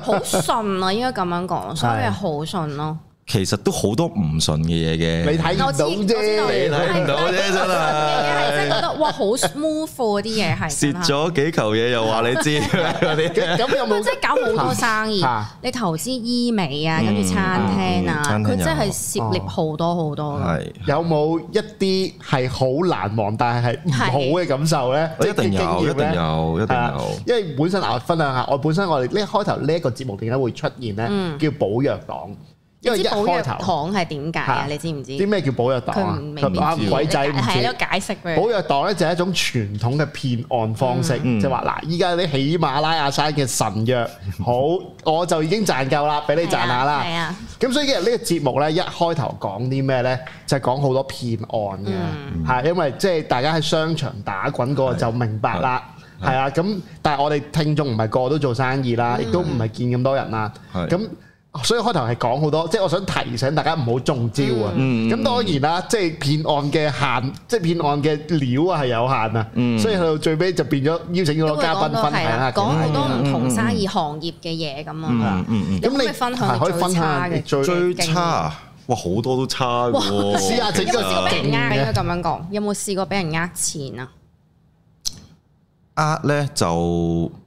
好順啊， 應該咁樣講，所以你係好順咯，啊。 其實都好多唔順嘅嘢嘅，你睇到啫，睇唔到啫，真係。係真係覺得哇，好 smooth 嗰啲嘢係。蝕咗幾球嘢又話你知，咁又冇。即係搞好多生意，你投資醫美啊，跟住餐廳啊，佢真係涉獵好多好多嘅。有冇一啲係好難忘，但係係唔好嘅感受咧？一定有，一定有，一定有。因為本身嗱，我分享下，我本身我哋呢開頭呢一個節目點解會出現咧？叫保藥黨。因為一開頭糖係點解啊？你知唔知啲咩叫保藥黨啊？啱鬼仔唔知。保藥黨咧就係一種傳統嘅騙案方式，即係話嗱，依家啲喜馬拉雅山嘅神藥，好，我就已經賺夠啦，俾你賺下啦。係啊。咁所以其實呢個節目咧一開頭講啲咩咧，就係講好多騙案嘅，係因為即係大家喺商場打滾過就明白啦。係啊。咁但係我哋聽眾唔係個個都做生意啦，亦都唔係見咁多人啦。咁。所以開頭係講好多，即係我想提醒大家唔好中招啊！咁當然啦，即係騙案嘅限，即係騙案嘅料啊係有限啊，所以去到最尾就變咗邀請咗個嘉賓分享啊，講好多唔同生意行業嘅嘢咁啊，咁你可以分享嘅最差，哇好多都差嘅，試下整下啦，應該咁樣講，有冇試過俾人呃錢啊？呃咧就～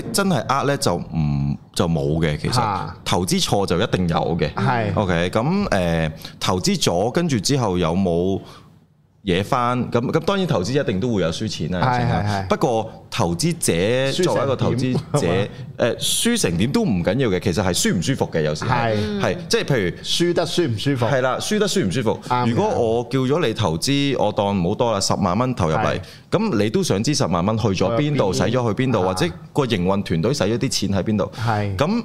即真係呃呢就唔就冇嘅，其實、啊、投資錯就一定有嘅係，OK 咁誒、呃、投資咗跟住之後有冇？嘢翻咁咁，當然投資一定都會有輸錢啦。不過投資者作為一個投資者，誒，輸成點都唔緊要嘅，其實係舒唔舒服嘅。有時係即係譬如輸得舒唔舒服？係啦，輸得舒唔舒服？如果我叫咗你投資，我當唔好多啦，十萬蚊投入嚟，咁你都想知十萬蚊去咗邊度，使咗去邊度，或者個營運團隊使咗啲錢喺邊度？係。咁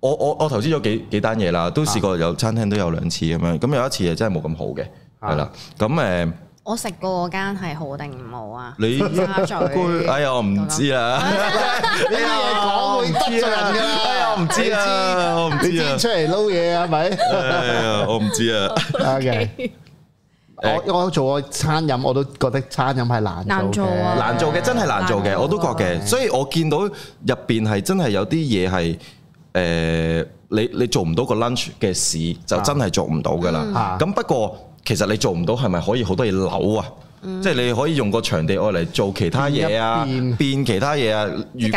我我我投資咗幾幾單嘢啦，都試過有餐廳都有兩次咁樣，咁有一次又真係冇咁好嘅。係啦，咁，誒，我食過嗰間係好定唔好啊？你得罪，哎呀，唔知啊！呢啲嘢講會得罪人嘅，哎呀，唔知啊，我唔知啊，出嚟撈嘢啊，係咪？哎呀，我唔知啊。O K，我我做過餐飲，我都覺得餐飲係難難做啊，難做嘅真係難做嘅，我都覺嘅。所以我見到入邊係真係有啲嘢係，誒，你你做唔到個 lunch 嘅事，就真係做唔到噶啦。咁不過。其實你做唔到，係咪可以好多嘢扭啊？即係你可以用個場地愛嚟做其他嘢啊，變其他嘢啊，即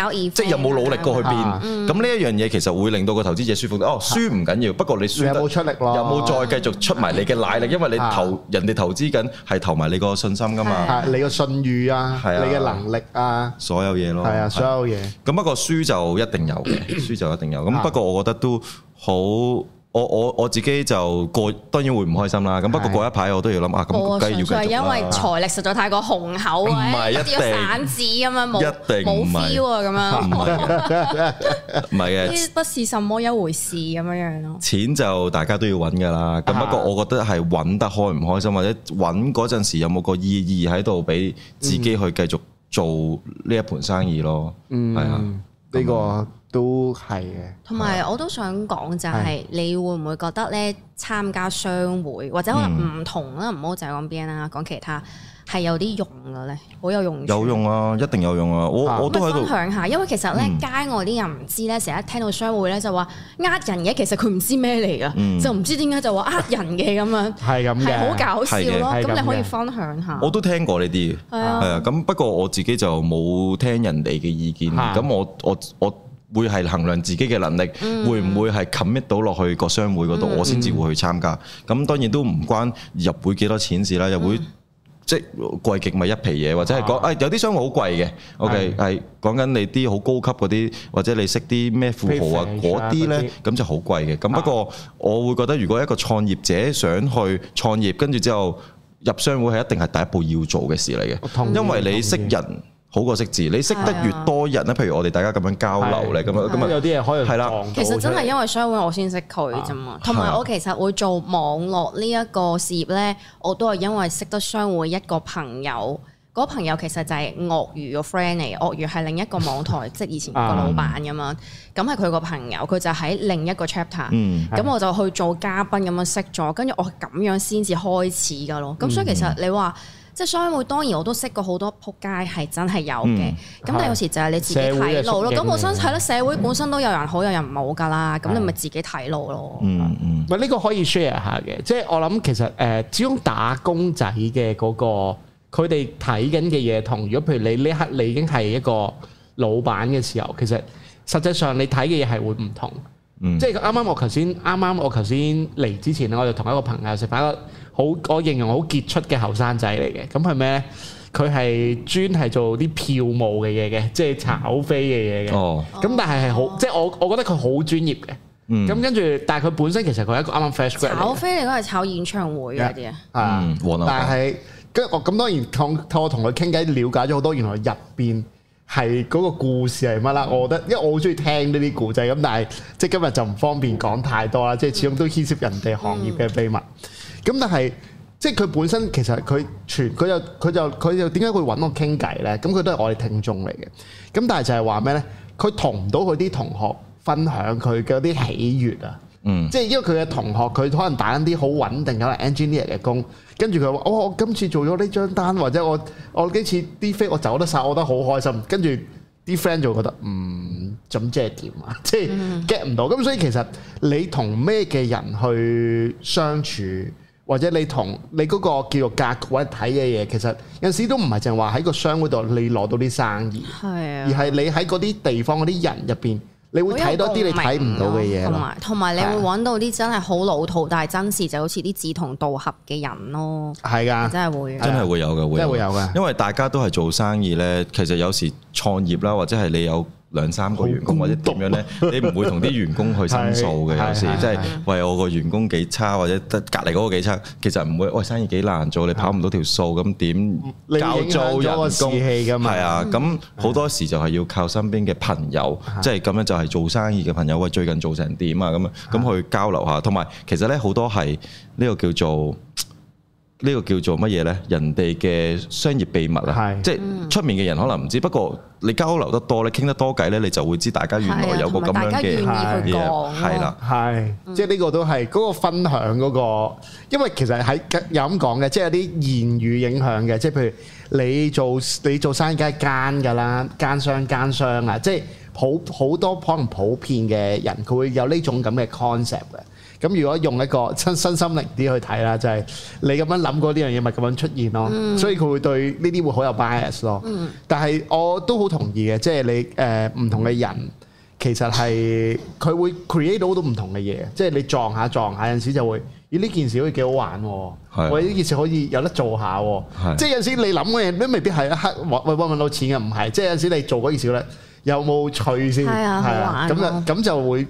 係有冇努力過去變？咁呢一樣嘢其實會令到個投資者舒服。哦，輸唔緊要，不過你輸得有冇出力咯？有冇再繼續出埋你嘅奶力？因為你投人哋投資緊係投埋你個信心噶嘛，係你個信譽啊，係你嘅能力啊，所有嘢咯，係啊，所有嘢。咁不過輸就一定有嘅，輸就一定有。咁不過我覺得都好。我我我自己就過，當然會唔開心啦。咁不過過一排我都要諗啊，咁梗係要繼續啦。因為財力實在太過雄厚啊，唔係一啲散紙咁樣冇，一定唔係咁樣，唔係嘅，不是什麼一回事咁樣樣咯。錢就大家都要揾噶啦。咁不過我覺得係揾得開唔開心，或者揾嗰陣時有冇個意義喺度，俾自己去繼續做呢一盤生意咯。係啊，呢個。都係嘅，同埋我都想講就係，你會唔會覺得咧參加商會或者可能唔同啦，唔好淨係講邊啦，講其他係有啲用嘅咧，好有用，有用啊，一定有用啊！我我都喺度分享下，因為其實咧街外啲人唔知咧，成日一聽到商會咧就話呃人嘅，其實佢唔知咩嚟㗎，就唔知點解就話呃人嘅咁樣，係咁嘅，係好搞笑咯。咁你可以分享下，我都聽過呢啲，係啊，係啊。咁不過我自己就冇聽人哋嘅意見，咁我我我。會係衡量自己嘅能力，會唔會係 commit 到落去個商會嗰度，我先至會去參加。咁當然都唔關入會幾多錢事啦，入會即貴極咪一皮嘢，或者係講誒有啲商會好貴嘅。OK 係講緊你啲好高級嗰啲，或者你識啲咩富豪啊嗰啲呢，咁就好貴嘅。咁不過我會覺得，如果一個創業者想去創業，跟住之後入商會係一定係第一步要做嘅事嚟嘅，因為你識人。好過識字，你識得越多人咧，譬如我哋大家咁樣交流咧，咁樣咁啊，有啲嘢可以。係啦、啊，其實真係因為商會我先識佢啫嘛。同埋、啊、我其實會做網絡呢一個事業咧，啊、我都係因為識得商會一個朋友，嗰、嗰個、朋友其實就係鱷魚個 friend 嚟，鱷魚係另一個網台， 即係以前個老闆咁樣。咁係佢個朋友，佢就喺另一個 chapter。嗯，咁我就去做嘉賓咁樣識咗，跟住我咁樣先至開始噶咯。咁所以其實你話。嗯即係所以會當然我都識過好多撲街係真係有嘅，咁、嗯、但係有時就係你自己睇路咯。咁我身係咯，社會本身都有人好，有人唔好噶啦。咁、嗯、你咪自己睇路咯。嗯嗯，唔、嗯、呢個可以 share 下嘅，即係我諗其實誒，始終打工仔嘅嗰、嗰個佢哋睇緊嘅嘢同，如果譬如你呢刻你已經係一個老闆嘅時候，其實實際上你睇嘅嘢係會唔同。嗯、即係啱啱我頭先啱啱我頭先嚟之前，我就同一個朋友食飯。好，我形容好傑出嘅後生仔嚟嘅，咁係咩咧？佢係專係做啲票務嘅嘢嘅，即係炒飛嘅嘢嘅。哦。咁但係係好，哦、即係我，我覺得佢好專業嘅。嗯。咁跟住，但係佢本身其實佢係一個啱啱 fresh graduate 嚟嘅。炒飛你講係炒演唱會嗰啲啊？係、嗯嗯、但係跟住我咁當然通我同佢傾偈，了解咗好多，原來入邊係嗰個故事係乜啦？我覺得，因為我好中意聽呢啲故仔咁，但係即係今日就唔方便講太多啦。即係始終都牽涉人哋行業嘅秘密。嗯咁但係，即係佢本身，其實佢全佢又，佢就佢又點解會揾我傾偈呢？咁佢都係我哋聽眾嚟嘅。咁但係就係話咩呢？佢同唔到佢啲同學分享佢嘅啲喜悅啊！嗯，即係因為佢嘅同學，佢可能打緊啲好穩定嘅 engineer 嘅工，跟住佢話：，哦，我今次做咗呢張單，或者我我幾次啲飛我走得晒，我覺得好開心。跟住啲 friend 就覺得：，嗯，咁即係點啊？ 即係 get 唔到。咁、嗯、所以其實你同咩嘅人去相處？或者你同你嗰個叫做格局睇嘅嘢，其實有陣時都唔係淨係話喺個商嗰度你攞到啲生意，係啊的，而係你喺嗰啲地方嗰啲人入邊，你會睇到啲你睇唔到嘅嘢。同埋同埋，你會揾到啲真係好老土，但係真事就好似啲志同道合嘅人咯。係噶的，真係會的，的真係會有嘅，會真係會有嘅。有因為大家都係做生意咧，其實有時創業啦，或者係你有。兩三個員工或者點樣呢？公 你唔會同啲員工去申訴嘅， 是有時即係喂我個員工幾差，或者得隔離嗰個幾差。其實唔會，喂，生意幾難做，你跑唔到條數咁點交租人工？係啊，咁好多時就係要靠身邊嘅朋友，即係咁樣就係做生意嘅朋友，喂，最近做成點啊？咁啊咁去交流下，同埋其實呢，好多係呢個叫做。呢個叫做乜嘢呢？人哋嘅商業秘密啊，係，即係出面嘅人可能唔知。嗯、不過你交流得多你傾得多偈呢，你就會知大家原來有個咁樣嘅。同埋大家願意去講。係啦，係，即係呢個都係嗰個分享嗰個，因為其實喺有咁講嘅，即係有啲言語影響嘅，即係譬如你做你做生意梗係奸㗎啦，奸商奸商啊，即係好好多可能普遍嘅人，佢會有呢種咁嘅 concept 嘅。咁如果用一個身心靈啲去睇啦，就係、是、你咁樣諗過呢樣嘢，咪咁樣出現咯。嗯、所以佢會對呢啲會好有 bias 咯。嗯、但係我都好同意嘅，即、就、係、是、你誒唔同嘅人其實係佢會 create 到好多唔同嘅嘢。即、就、係、是、你撞下撞下，有陣時就會咦呢、呃、件事可以幾好玩喎，的或者呢件事可以有得做下。的即係有陣時你諗嘅嘢都未必係一刻揾到錢嘅，唔係。即係有陣時你做嗰件事咧，有冇趣先？係啊，好玩咯。咁就咁就會。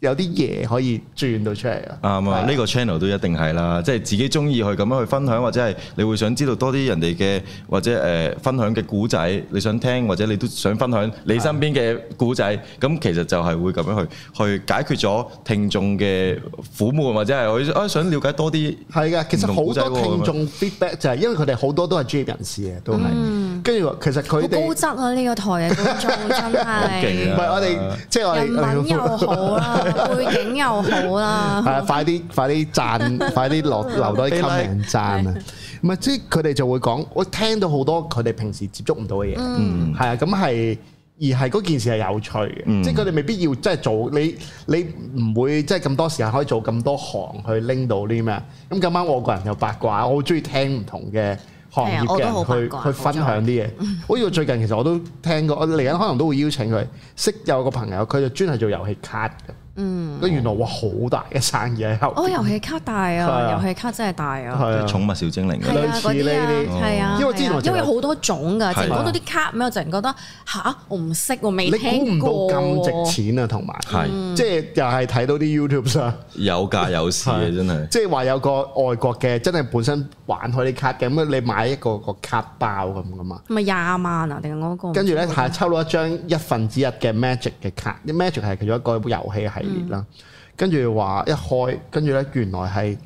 有啲嘢可以轉到出嚟啊！啱啊對，呢的個 channel 都一定係啦，即、就、係、是、自己中意去咁樣去分享，或者係你會想知道多啲人哋嘅，或者誒、呃、分享嘅古仔，你想聽或者你都想分享你身邊嘅古仔，咁的其實就係會咁樣去去解決咗聽眾嘅苦悶或者係我想了解多啲係嘅，其實好多聽眾 feedback 就係、是、因為佢哋好多都係專業人士嘅，都係。嗯跟住，其實佢哋高質啊！呢、這個台人做真係，唔係、 啊、我哋，即係我哋人又好啦， 背景又好啦。係 啊，快啲快啲贊，快啲落留多啲吸引 m m 啊！唔係即係佢哋就會講，我聽到好多佢哋平時接觸唔到嘅嘢，嗯，係啊，咁係而係嗰件事係有趣嘅，嗯、即係佢哋未必要即係做你你唔會即係咁多時間可以做咁多行去拎到啲咩？咁今晚我個人又八卦，我好中意聽唔同嘅。行業嘅人去去分享啲嘢，好似 最近其實我都聽過，我嚟緊可能都會邀請佢識有個朋友，佢就專係做遊戲卡嘅。嗯，原來哇好大嘅生意喺度。我遊戲卡大啊，遊戲卡真係大啊，即係寵物小精靈類似呢啲啊，啊。因為之因為好多種㗎，講到啲卡咩，我突然覺得吓，我唔識喎，未聽過。估唔到咁值錢啊，同埋係即係又係睇到啲 YouTube 上有價有市啊，真係。即係話有個外國嘅真係本身玩開啲卡嘅咁，你買一個個卡包咁噶嘛？咪廿萬啊？定係嗰個？跟住咧係抽到一張一分之一嘅 Magic 嘅卡，Magic 係其中一個遊戲係。啦，嗯、跟住話一開，跟住咧原來係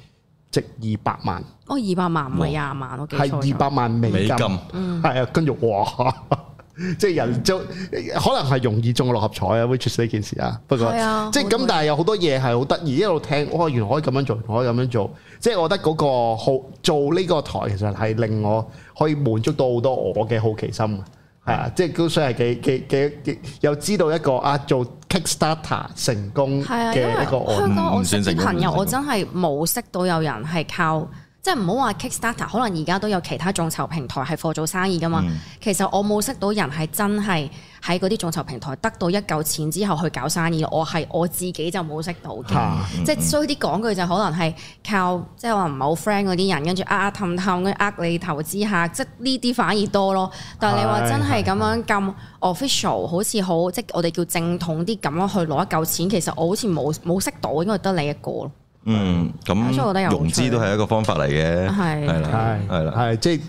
值二百萬，哦二百萬唔係廿萬，萬哇我係二百萬美金，係金啊，跟住哇， 即係人就、嗯、可能係容易中六合彩啊 which is 呢件事啊，不過、啊、即係咁，但係有好多嘢係好得意，一路聽，哦原來可以咁樣做，可以咁樣做，即、就、係、是、我覺得嗰、那個好做呢個台，其實係令我可以滿足到好多我嘅好奇心。啊！即係都算係幾幾幾幾，幾又知道一個啊，做 Kickstarter 成功嘅一個案例，我啲朋友算我真係冇識到有人係靠。即係唔好話 Kickstarter，可能而家都有其他眾籌平台係做做生意㗎嘛。其實我冇識到人係真係喺嗰啲眾籌平台得到一嚿錢之後去搞生意。我係我自己就冇識到嘅，即係衰啲講句就可能係靠即係話唔係好 friend 嗰啲人，跟住啊啊氹氹咁呃你投資下，即係呢啲反而多咯。但係你話真係咁樣咁 official，好似好即係我哋叫正統啲咁樣去攞一嚿錢，其實我好似冇冇識到，應該得你一個。嗯，咁融資都係一個方法嚟嘅，係的，係，係啦，係即係。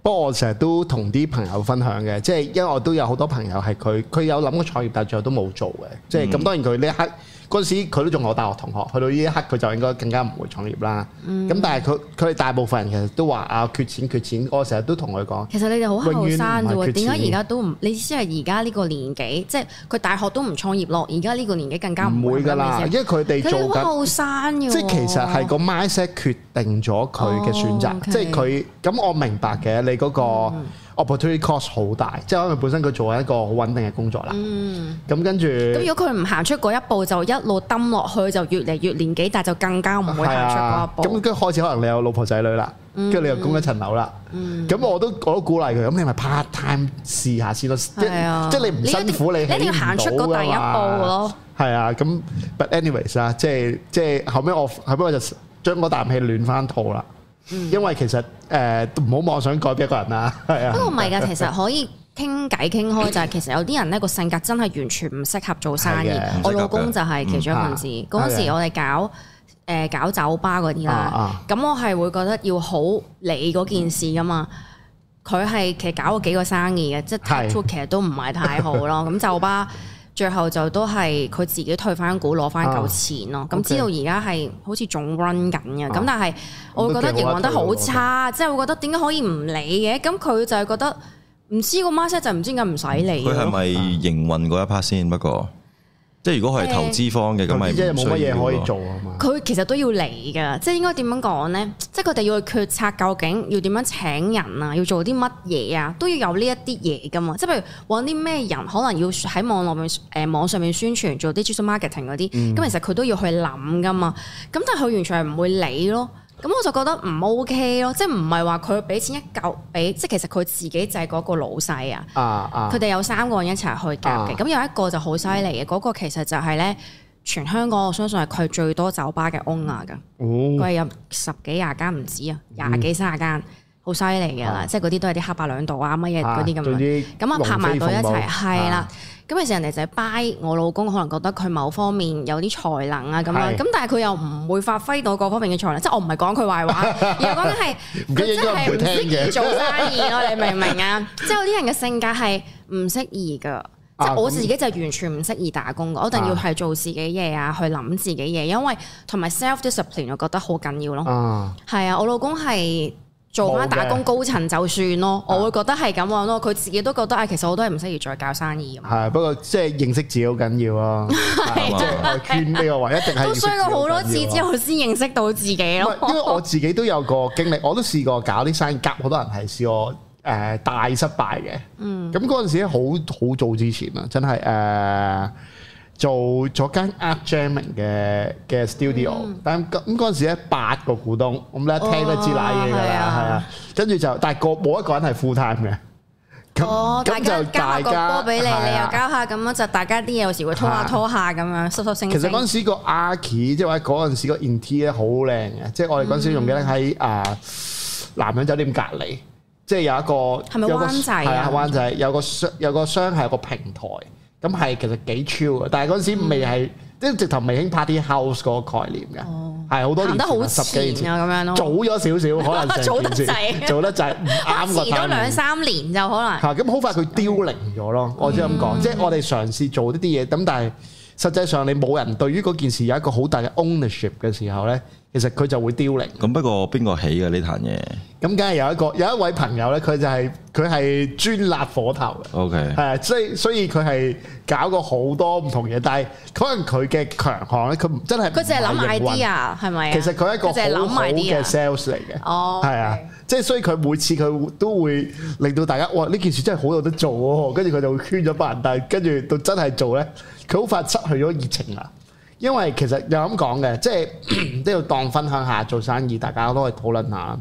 不過我成日都同啲朋友分享嘅，即係因為我都有好多朋友係佢，佢有諗過創業，但最後都冇做嘅。即係咁，當然佢呢一刻。嗰陣時佢都仲有大學同學，去到呢一刻佢就應該更加唔會創業啦。咁、嗯、但係佢佢大部分人其實都話啊缺錢缺錢，我成日都同佢講。其實你哋好後生啫喎，點解而家都唔？你意思係而家呢個年紀，即係佢大學都唔創業咯，而家呢個年紀更加唔會㗎啦。因為佢哋做緊。你哋好後生即係其實係個 mindset 決定咗佢嘅選擇，哦 okay. 即係佢。咁我明白嘅，你嗰、嗰個。嗯 opportunity cost 好大，即係因為本身佢做一個好穩定嘅工作啦。嗯，咁跟住咁如果佢唔行出嗰一步，就一路蹬落去，就越嚟越年紀大，就更加唔會行出嗰一步。咁跟住開始可能你有老婆仔女啦，跟住你又供一層樓啦。咁我都我都鼓勵佢，咁你咪 part time 試下先咯。即係你唔辛苦，你一定要行出嗰第一步咯。係啊，咁 but anyways 啊，即係即係後尾我後尾我就將嗰啖氣暖翻肚啦。因為其實誒唔好妄想改變一個人啊，係啊。不過唔係㗎，其實可以傾偈傾開，就係其實有啲人咧個性格真係完全唔適合做生意。我老公就係其中一份子。嗰陣時，我哋搞誒搞酒吧嗰啲啦，咁我係會覺得要好理嗰件事㗎嘛。佢係其實搞過幾個生意嘅，即係太 too 其實都唔係太好咯。咁酒吧。最後就都係佢自己退翻股攞翻嚿錢咯。咁、啊、知道而家係好似仲 run 緊嘅，咁、啊、但係我會覺得營運得好差，即係、啊啊啊、我覺得點解可以唔理嘅？咁佢就係覺得唔知個 market 就唔知點解唔使理。佢係咪營運嗰一 part 先？不過。啊不過即係如果係投資方嘅咁，咪、欸，即係冇乜嘢可以做啊嘛。佢其實都要嚟噶，即係應該點樣講咧？即係佢哋要去決策，究竟要點樣請人啊？要做啲乜嘢啊？都要有呢一啲嘢噶嘛。即係譬如揾啲咩人，可能要喺網絡面誒網上面宣傳做，做啲 social marketing 嗰啲。咁其實佢都要去諗噶嘛。咁但係佢完全係唔會理咯。咁我就覺得唔 OK 咯，即係唔係話佢俾錢一嚿俾，即係其實佢自己就係嗰個老細啊。啊啊！佢哋有三個人一齊去夾嘅，咁、啊、有一個就好犀利嘅，嗰、嗯、個其實就係、是、咧，全香港我相信係佢最多酒吧嘅 owner 噶、嗯。佢係有十幾廿間唔止啊，廿幾三十間，好犀利噶啦，即係嗰啲都係啲黑白兩道啊，乜嘢嗰啲咁樣。咁啊，拍埋到一齊，係啦。咁其實人哋就係拜我老公，可能覺得佢某方面有啲才能啊咁樣，咁是但係佢又唔會發揮到各方面嘅才能，即係我唔係講佢壞話，而講嘅係佢真係唔適宜做生意，我你明唔明 啊？即係有啲人嘅性格係唔適宜噶，即係我自己就完全唔適宜打工，啊、我一定要係做自己嘢啊，去諗自己嘢，因為同埋 self discipline 我覺得好緊要咯。係啊， 我老公係。做翻打工高層就算咯，係。我會覺得係咁樣咯。佢自己都覺得啊，其實我都係唔適宜再搞生意咁。係，不過即係認識自己好緊要咯。係啊，我勸我話一定係。啊、都衰過好多次之後先認識到自己咯、啊。因為我自己都有個經歷，我都試過搞啲生意，夾好多人係試過誒、呃、大失敗嘅。嗯。咁嗰陣時好好早之前啊，真係誒。呃做咗間 art jamming 嘅嘅 studio，但咁嗰陣時咧八個股東，咁咧聽得知嗱嘢噶啦，係啊，跟住就，但係個冇一個人係 full time 嘅，咁咁就交個波俾你，啊、你又交下，咁樣就大家啲嘢有時會拖，拖下拖下咁樣，收收聲。其實嗰陣時個 archi 即係話嗰陣時個 inter 好靚嘅，即係我哋嗰陣時用嘅喺誒南洋酒店隔離，即係有一個係咪灣仔啊？灣仔有個箱有個箱係有個平台。咁係其實幾超嘅，但係嗰陣時未係，即係直頭未興拍啲 house 嗰個概念嘅，係好多年行得好前啊咁樣咯，早咗少少，可能早得滯，做得滯唔啱個 timing，遲多兩三年就可能。嚇，咁好快佢凋零咗咯，我先咁講，即係我哋嘗試做呢啲嘢，咁但係。實際上，你冇人對於嗰件事有一個好大嘅 ownership 嘅時候呢，其實佢就會凋零。咁不過邊個起嘅呢壇嘢？咁梗係有一個有一位朋友呢，佢就係佢係專揦火頭嘅。O K，係啊，所以所以佢係搞過好多唔同嘢，但係可能佢嘅強項呢，佢真係佢淨係諗 idea 啊，係咪？其實佢係一個好好嘅 sales 嚟嘅。哦，係啊，即係所以佢每次佢都會令到大家哇呢件事真係好有得做喎，跟住佢就會圈咗班人，但係，跟住到真係做呢。佢好快失去咗熱情啦，因為其實又咁講嘅，即係都要當分享下做生意，大家都去討論下，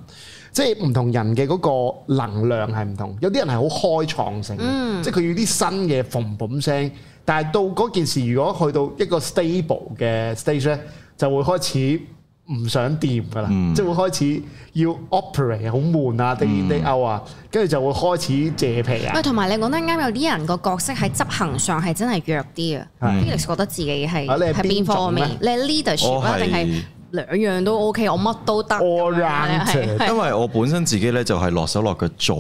即係唔同人嘅嗰個能量係唔同，有啲人係好開創性，嗯、即係佢要啲新嘅縫縵聲，但係到嗰件事如果去到一個 stable 嘅 stage 咧，就會開始，唔想掂噶啦，嗯、即係會開始要 operate 好悶啊，定定 out 啊，跟住、嗯、就會開始借皮啊。喂，同埋你講得啱，有啲人個角色喺執行上係真係弱啲啊。Felix 是覺得自己係係邊方面？你係 leadership 啊，定係是？兩樣都 OK，我乜都得。我硬因為我本身自己咧就係落手落腳做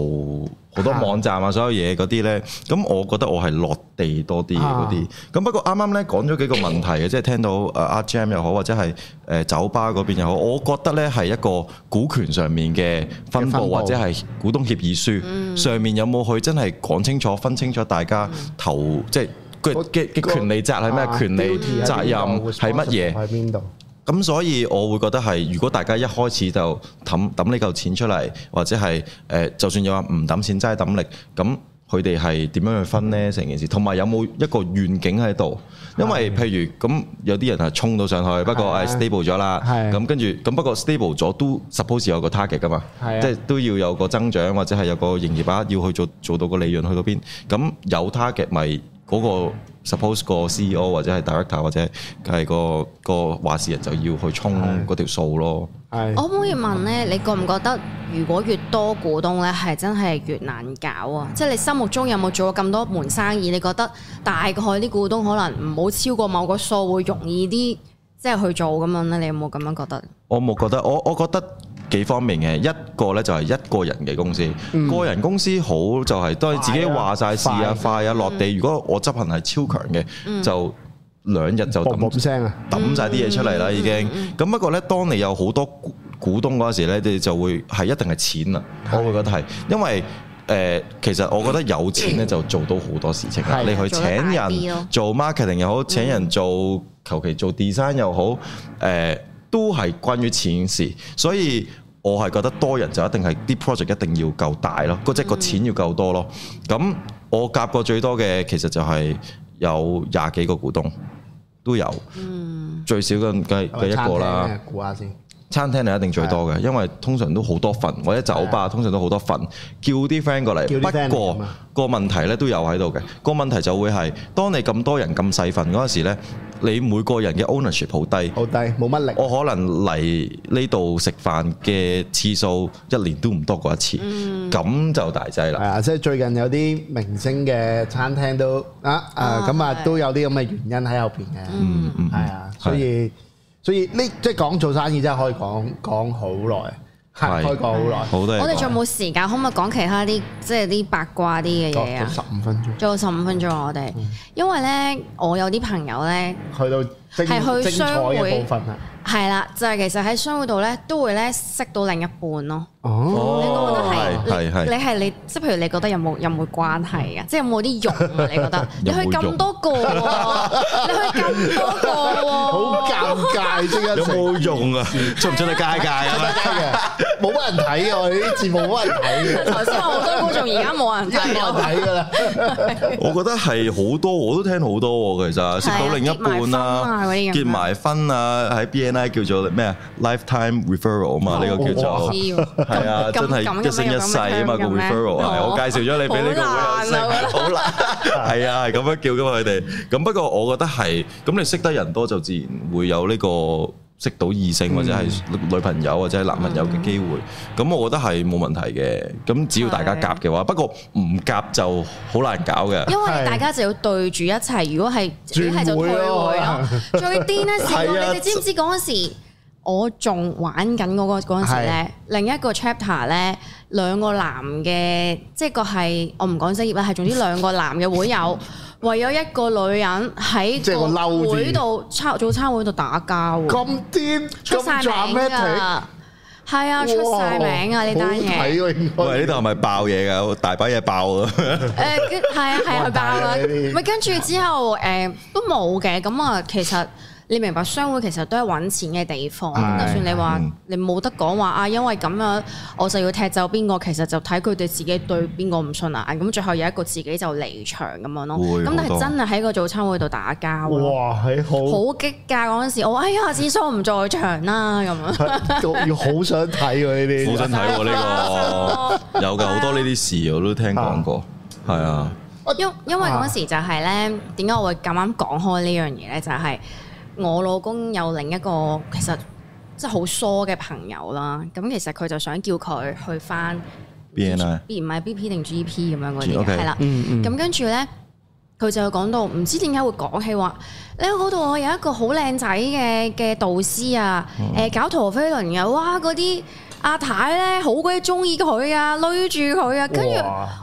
好多網站啊，的所有嘢嗰啲咧，咁我覺得我係落地多啲嘅嗰啲。咁、啊、不過啱啱咧講咗幾個問題嘅，即係聽到誒阿 Jam 又好，或者係誒酒吧嗰邊又好，我覺得咧係一個股權上面嘅分佈或者係股東協議書上面有冇去真係講清楚、分清楚大家投、嗯、即係佢嘅權利責係咩、權利、啊、責任係乜嘢喺邊度？咁所以我會覺得係，如果大家一開始就抌抌呢嚿錢出嚟，或者係誒，就算有話唔抌錢，齋抌力，咁佢哋係點樣去分呢？成件事，同埋有冇一個願景喺度？因為譬如咁，有啲人係衝到上去，不過係 stable 咗啦。係。咁跟住，咁不過 stable 咗都 suppose 有個 target 噶嘛。係啊。即係都要有個增長，或者係有個營業額要去做做到個利潤去到邊。咁有 target 咪嗰個。suppose 個 CEO 或者係 director 或者係個個話事人就要去沖嗰條數咯。我可唔可以問咧？你覺唔覺得如果越多股東咧，係真係越難搞啊？即係你心目中有冇做過咁多門生意？你覺得大概啲股東可能唔好超過某個數會容易啲，即係去做咁樣咧？你有冇咁樣覺得？我冇覺得，我我覺得。幾方面嘅一個呢，就係一個人嘅公司，個人公司好就係都係自己話晒事啊，快啊落地。如果我執行係超強嘅，就兩日就冇聲啊，抌晒啲嘢出嚟啦已經。咁不過呢，當你有好多股東嗰時呢，你就會係一定係錢啦。我會覺得係，因為誒其實我覺得有錢呢，就做到好多事情，你去請人做 marketing 又好，請人做求其做 design 又好，誒。都係關於錢事，所以我係覺得多人就一定係啲 project 一定要夠大咯，嗯、即係個錢要夠多咯。咁我夾過最多嘅其實就係有廿幾個股東都有，嗯、最少嘅嘅嘅一個啦。估下先。餐廳係一定最多嘅，因為通常都好多份，或者酒吧通常都好多份，叫啲 friend 過嚟。不過個問題咧都有喺度嘅，個問題就會係當你咁多人咁細份嗰陣時咧，你每個人嘅 ownership 好低，好低，冇乜力。我可能嚟呢度食飯嘅次數一年都唔多過一次，咁就大劑啦。係啊，即係最近有啲明星嘅餐廳都啊咁啊，都有啲咁嘅原因喺後邊嘅。嗯嗯，係啊，所以。所以呢，即係講做生意，真係可以講講好耐，係可以講好耐。好多嘢，我哋仲冇時間，的可唔可以講其他啲即係啲八卦啲嘅嘢啊？做十五分鐘，做十五分鐘我哋，嗯、因為咧我有啲朋友咧去到。係去商會一部分啊，係啦，就係其實喺商會度咧，都會咧識到另一半咯。哦，你都覺得係，係係你係你，即係譬如你覺得有冇有冇關係啊？即係有冇啲用啊？你覺得？你去咁多個，你去咁多個，好尷尬先啊！有冇用啊？出唔出得街界啊？冇乜人睇啊！我啲節目冇乜人睇。頭先好多觀眾，而家冇人有睇噶啦。我覺得係好多，我都聽好多，其實識到另一半啦。結埋婚啊！喺 BNI 叫做咩啊？Lifetime referral 啊嘛，呢、哦哦、個叫做係啊，啊金真係一生一世啊嘛個 referral 對啊！我介紹咗你俾呢個好友識，s ign, 啊、好難係啊，係咁、 啊、樣叫噶嘛佢哋。咁 不過我覺得係，咁你識得人多就自然會有呢個。識到異性或者係女朋友或者係男朋友嘅機會，咁我覺得係冇問題嘅。咁只要大家夾嘅話，不過唔夾就好難搞嘅。因為大家就要對住一齊，如果係，就推會友。最癲嘅事係你哋知唔知嗰陣時我仲玩緊嗰個嗰陣時咧，另一個 chapter 咧，兩個男嘅，即係個係我唔講職業啦，係總之兩個男嘅會友。為咗一個女人喺個會度餐早餐會度打交，咁癲出晒名咩？係啊出晒名啊呢單嘢。喂，呢度係咪爆嘢噶？大把嘢爆啊！誒、 呃，係啊係啊爆啊！咪跟住之後誒、呃、都冇嘅。咁啊，其實。你明白，商會其實都係揾錢嘅地方。就的算你話你冇得講話啊，因為咁樣我就要踢走邊個，其實就睇佢哋自己對邊個唔信啊。咁最後有一個自己就離場咁樣咯。會咁，但係真係喺個早餐會度打交。哇！欸、好好激㗎嗰陣時，我，哎呀，廁所唔在場啦咁啊。要好想睇㗎呢啲，好想睇呢個有㗎好 多呢啲事我都聽講過，係啊。我因因為嗰陣時就係、是、咧，點解我會咁啱講開呢樣嘢咧？就係、是。我老公有另一個其實即係好疏嘅朋友啦，咁其實佢就想叫佢去翻 B 唔係 B P 定 G P 咁樣嗰啲係啦，咁跟住咧佢就講到唔知點解會講起話你度我有一個好靚仔嘅嘅導師啊，誒、嗯、搞陀飛輪嘅，哇嗰啲阿太咧好鬼中意佢啊，屢住佢啊，哇跟住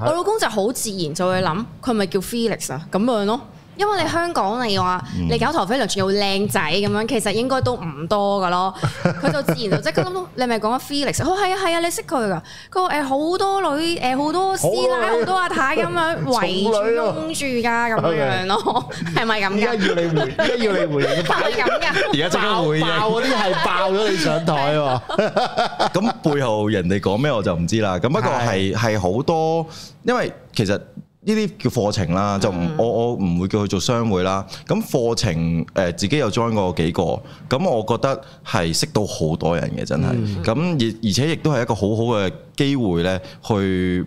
我老公就好自然就會諗佢咪叫 Felix 啊咁樣咯。因為你香港，你話你搞陀飛輪傳又靚仔咁樣，其實應該都唔多噶咯。佢就自然就即刻諗到，你咪講啊，Felix，哦係啊係啊，你識佢噶？佢話好多女，誒，好多師奶，好多阿太咁樣圍住擁住㗎咁樣咯，係咪咁㗎？而家要你回，而家要你回應，而家而家即刻回應，爆爆嗰啲係爆咗你上台喎。咁背後人哋講咩我就唔知啦。咁不過係係好多，因為其實。呢啲叫課程啦，就唔、mm hmm. 我我唔會叫佢做商會啦。咁課程誒、呃、自己有 join 過幾個，咁我覺得係識到好多人嘅，真係。咁而、mm hmm. 而且亦都係一個好好嘅機會咧，去，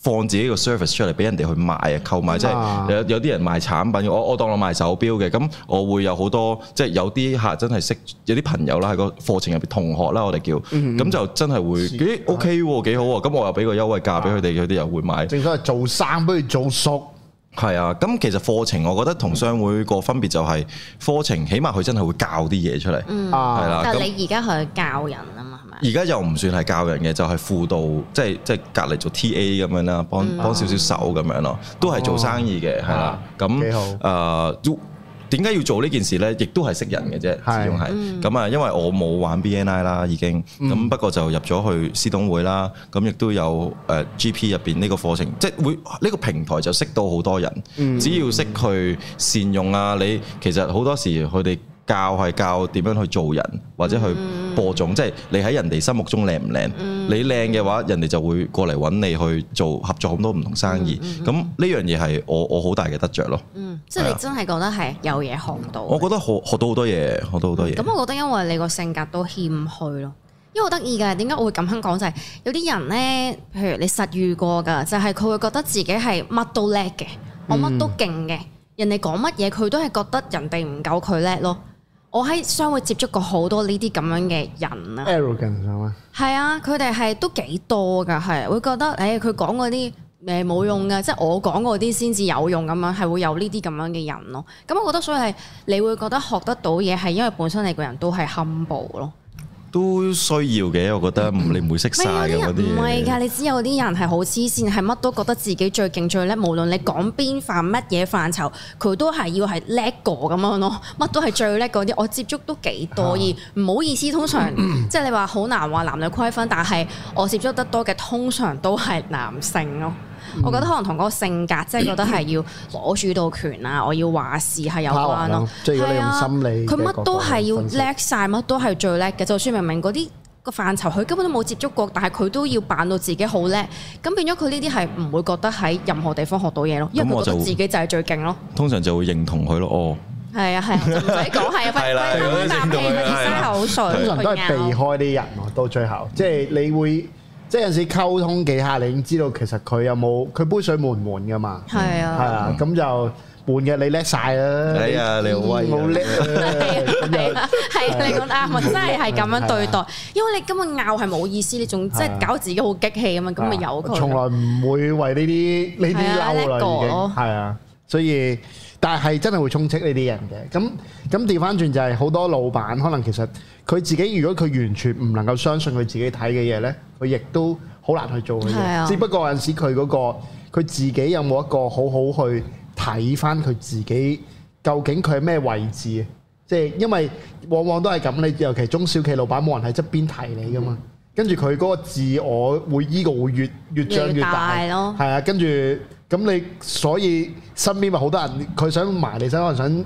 放自己個 service 出嚟俾人哋去賣啊、購買，即係有有啲人賣產品，我我當我賣手錶嘅，咁我會有好多，即係有啲客真係識，有啲朋友啦喺個課程入邊，同學啦我哋叫，咁就真係會，嗯嗯、咦 OK 喎，幾好啊，咁我又俾個優惠價俾佢哋，佢哋又會買。正所謂做生不如做熟，係啊，咁其實課程我覺得同商會個分別就係、是、課程，起碼佢真係會教啲嘢出嚟，係啦、嗯。但、啊啊、你而家去教人啊？而家又唔算係教人嘅，就係、是、輔導，即係即係隔籬做 TA 咁樣啦，幫幫少少手咁樣咯，都係做生意嘅，係啦。咁誒，點解要做呢件事呢？亦都係識人嘅啫，是始終係。咁啊、嗯，因為我冇玩 BNI 啦，已經。咁、嗯、不過就入咗去師董會啦，咁亦都有誒 GP 入邊呢個課程，即、就、係、是、會呢、呢個平台就識到好多人，嗯、只要識佢善用啊，你其實好多時佢哋。教係教點樣去做人或者去播種，嗯、即係你喺人哋心目中靚唔靚？嗯、你靚嘅話，人哋就會過嚟揾你去做合作好多唔同生意。咁呢、嗯嗯、樣嘢係我我好大嘅得着咯。嗯啊、即係你真係覺得係有嘢學到。我覺得學學到好多嘢，學到好多嘢。咁、嗯、我覺得因為你個性格都謙虛咯，因為好得意嘅。點解我會咁樣講就係、是、有啲人呢，譬如你實遇過噶，就係、是、佢會覺得自己係乜都叻嘅，我乜都勁嘅，嗯、人哋講乜嘢佢都係覺得人哋唔夠佢叻咯。我喺商會接觸過好多呢啲咁樣嘅人啊，arrogant 係嘛？係啊，佢哋係都幾多㗎，係會覺得誒，佢講嗰啲誒冇用嘅，嗯、即係我講嗰啲先至有用咁樣，係會有呢啲咁樣嘅人咯。咁我覺得，所以係你會覺得學得到嘢係因為本身你個人都係 humble 咯。都需要嘅，我覺得、嗯、你唔會識晒嘅嗰啲。唔係㗎，你知有啲人係好黐線，係乜都覺得自己最勁最叻，無論你講邊範乜嘢範疇，佢都係要係叻個咁樣咯，乜都係最叻嗰啲。我接觸都幾多，啊、而唔好意思，通常即係 你話好難話男女區分，但係我接觸得多嘅通常都係男性咯。我覺得可能同嗰個性格，即係覺得係要攞主導權啊，我要話事係有關咯。即係如果你用心理，佢乜都係要叻晒，乜都係最叻嘅。就算明明嗰啲個範疇，佢根本都冇接觸過，但係佢都要扮到自己好叻。咁變咗佢呢啲係唔會覺得喺任何地方學到嘢咯，因為佢覺得自己就係最勁咯。通常就會認同佢咯。哦，係啊係啊，唔使講係啊，費費心白騙，嘥口水。通常都係避開啲人，到最後即係你會。即係有陣時溝通幾下，你已經知道其實佢有冇佢杯水滿唔滿嘅嘛。係啊，係啊，咁、嗯、就半嘅你叻晒啦。哎呀，你好威，冇叻啊！係啊，係啊，你講啱啊，啊真係係咁樣對待，因為你根本拗係冇意思，你仲即係搞自己好激氣啊嘛，咁咪由佢。從來唔會為呢啲呢啲拗啦，已經係啊，所以。所以但係真係會充斥呢啲人嘅，咁咁調返轉就係好多老闆，可能其實佢自己如果佢完全唔能夠相信佢自己睇嘅嘢呢，佢亦都好難去做嘅嘢。係啊。只不過有陣時佢嗰個佢自己有冇一個好好去睇返佢自己究竟佢係咩位置？即係因為往往都係咁，你尤其中小企老闆冇人喺側邊提你㗎嘛。跟住佢嗰個自我會依個會越越長越大，越越大咯。係啊，跟住。咁你所以身邊咪好多人，佢想埋你，身，可能想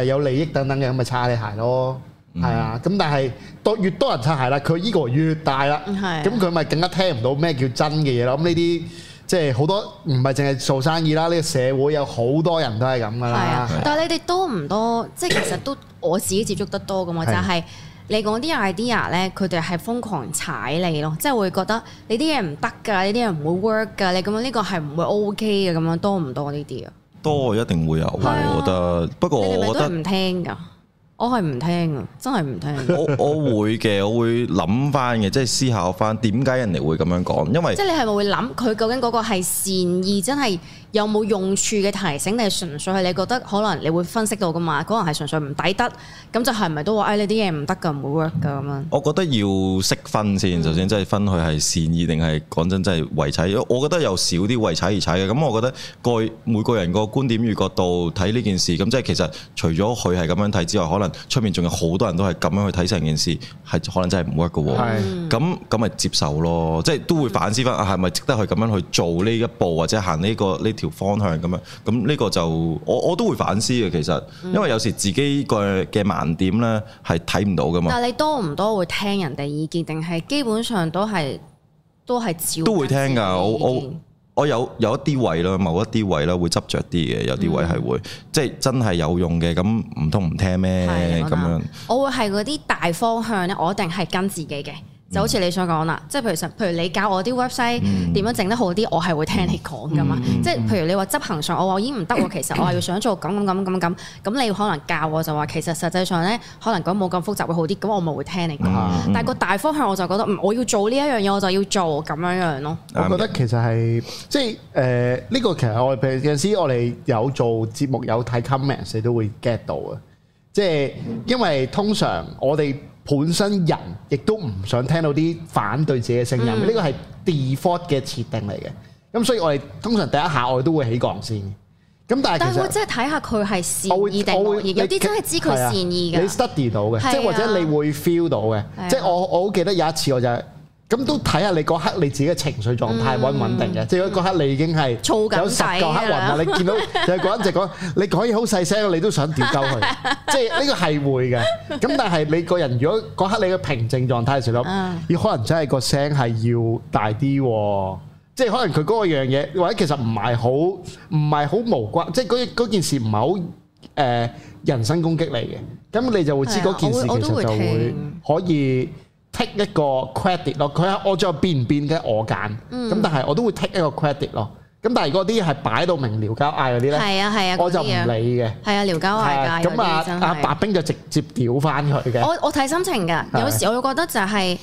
誒有利益等等嘅，咁咪擦你鞋咯，係、嗯、啊。咁但係多越多人擦鞋啦，佢依個越大啦，咁佢咪更加聽唔到咩叫真嘅嘢咯。咁呢啲即係好多唔係淨係做生意啦，呢、呢個社會有好多人都係咁噶啦。啊是啊，但係你哋多唔多，即係 其實都我自己接觸得多噶嘛，就係。你講啲 idea 咧，佢哋係瘋狂踩你咯，即係會覺得你啲嘢唔得㗎，你啲嘢唔會 work 㗎，你咁樣呢個係唔會 OK 嘅咁樣，多唔多呢啲啊？多一定會有，啊、我覺得。啊、不過我覺得，我都係唔聽㗎，我係唔聽啊，真係唔聽。 我我會嘅，我會諗翻嘅，即係、即係、思考翻點解人哋會咁樣講，因為即係你係咪會諗佢究竟嗰個係善意，真係？有冇用處嘅提醒？定係純粹係你覺得可能你會分析到噶嘛？可能係純粹唔抵得，咁就係咪都話誒呢啲嘢唔得㗎，唔、哎、會 work 㗎咁啊？嗯、樣我覺得要識分先，首先真係分佢係善意定係講真真係為踩。我覺得有少啲為踩而踩嘅，咁我覺得個每個人個觀點與角度睇呢件事，咁即係其實除咗佢係咁樣睇之外，可能出面仲有好多人都係咁樣去睇成件事，係可能真係唔 work 㗎喎。係、嗯。咁咁咪接受咯？即係都會反思翻，係、啊、咪值得去咁樣去做呢一步或者行呢、呢個呢條方向咁樣，咁呢個就我我都會反思嘅。其實，因為有時自己個嘅盲點咧係睇唔到噶嘛。但係你多唔多會聽人哋意見，定係基本上都係都係照？都會聽噶，我我我有有一啲位啦，某一啲位啦會執着啲嘅，有啲位係會、嗯、即係真係有用嘅，咁唔通唔聽咩？咁的樣我會係嗰啲大方向咧，我一定係跟自己嘅。就好似你所講啦，即係譬如譬如你教我啲 website 點樣整得好啲，嗯、我係會聽你講噶嘛。即係、嗯嗯、譬如你話執行上，我話已經唔得喎。其實我係要想做咁咁咁咁咁，你可能教我就話，其實實際上咧，可能講冇咁複雜會好啲。咁我咪會聽你講。嗯、但係個大方向我就覺得，我要做呢一樣嘢，我就要做咁樣樣咯。嗯、我覺得其實係即係誒，呢、就是呃這個其實我譬如有陣時，我哋有做節目有睇 comment 你都會 get 到啊。即、就、係、是、因為通常我哋。本身人亦都唔想聽到啲反對自己嘅聲音，呢個係 default 嘅設定嚟嘅。咁所以我哋通常第一下我哋都會起降先。咁但係其實，但係我真係睇下佢係善意定有啲真係知佢善意嘅、啊。你 study 到嘅，即係、啊、或者你會 feel 到嘅。啊、即係我我好記得有一次我就。咁都睇下你嗰刻你自己嘅情緒狀態穩唔穩定嘅，即係嗰刻你已經係嘈噶，有十個黑雲喇，你見到就係講一直講，你可以好細聲，你都想屌鳩佢。即係呢個係會嘅。咁但係你個人如果嗰刻你嘅平靜狀態，成日諗要可能真係個聲係要大啲喎。即係可能佢嗰個樣嘢，或者其實唔係好唔係好無關，即係嗰嗰件事唔係好誒人身攻擊嚟嘅。咁你就會知嗰件事其實就會可以。take 一個 credit 咯，佢我再變唔變嘅我揀，咁但係我都會 take 一個 credit 咯。咁但係嗰啲係擺到明撩交嗌嗰啲咧，係啊係啊，啊我就唔理嘅。係啊，撩交嗌嘅。咁啊，阿阿白兵就直接屌返佢嘅。我我睇心情嘅，有時我會覺得就係、是、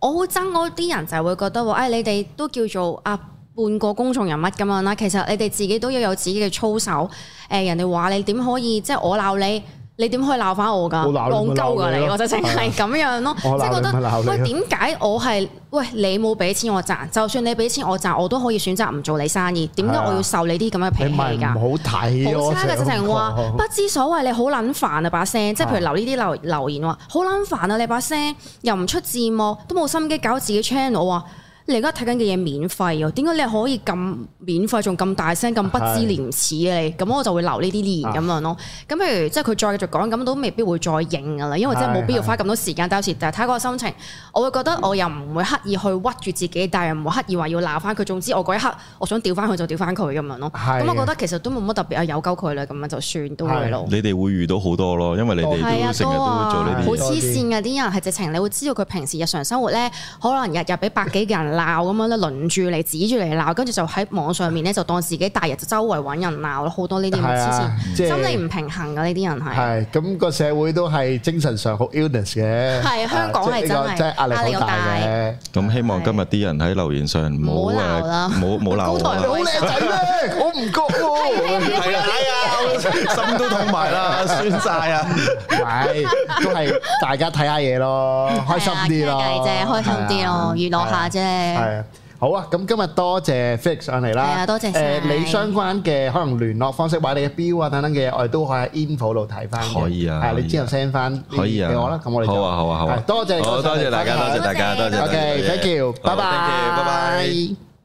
我好憎嗰啲人，就係會覺得，哎，你哋都叫做啊半個公眾人物咁樣啦，其實你哋自己都要有自己嘅操守。誒，人哋話你點可以，即係我鬧你。你點可以鬧翻我㗎？講鳩㗎你，你，我直情係咁樣咯，即係覺得喂點解我係喂你冇俾錢我賺，就算你俾錢我賺，我都可以選擇唔做你生意。點解、啊、我要受你啲咁樣脾氣㗎？唔好睇、啊，好差嘅直情話不知所謂。你好撚煩、啊、煩啊把聲，即係譬如留呢啲留留言話好撚煩啊你把聲又唔出字幕，都冇心機搞自己 channel 啊！你而家睇緊嘅嘢免費喎，點解你可以咁免費仲咁大聲咁不知廉恥嘅你？咁的我就會留呢啲言咁樣咯。咁譬、啊、如即係佢再繼續講，咁都未必會再應噶啦，因為即係冇必要花咁多時間。的但有時就睇個心情，我會覺得我又唔會刻意去屈住自己，但係又唔會刻意話要鬧翻佢。總之我嗰一刻我想掉翻佢就掉翻佢咁樣咯。咁的我覺得其實都冇乜特別啊，有鳩佢啦咁樣就算，的就算都係咯。你哋會遇到好多咯，因為你哋都成日都會做呢啲好黐線嘅啲人係直情，你會知道佢平時日常生活咧，可能日日俾百幾人。鬧咁樣咧，輪住你，指住你鬧，跟住就喺網上面咧，就當自己大人，周圍搵人鬧，好多呢啲唔知先，黐線，心理唔平衡噶呢啲人係。係咁個社會都係精神上好 illness 嘅。係香港係真係壓力好大嘅。咁希望今日啲人喺留言上唔好啊，唔好唔好鬧啦。好靚仔咧，我唔覺喎。係啊，係心都痛埋啦，算晒啊，係都係大家睇下嘢咯，開心啲咯，即係開心啲咯，娛樂下啫。係啊，好啊，咁今日多謝 Felix 上嚟啦。啊，多謝。誒，你相關嘅可能聯絡方式或者你嘅錶啊等等嘅，我哋都可以喺 info 度睇翻。可以啊。誒，你之後 send 翻可以啊，俾我啦。咁我哋好啊，好啊，好啊。多謝，多謝大家，多謝大家，多謝。OK，thank you。拜拜，拜拜。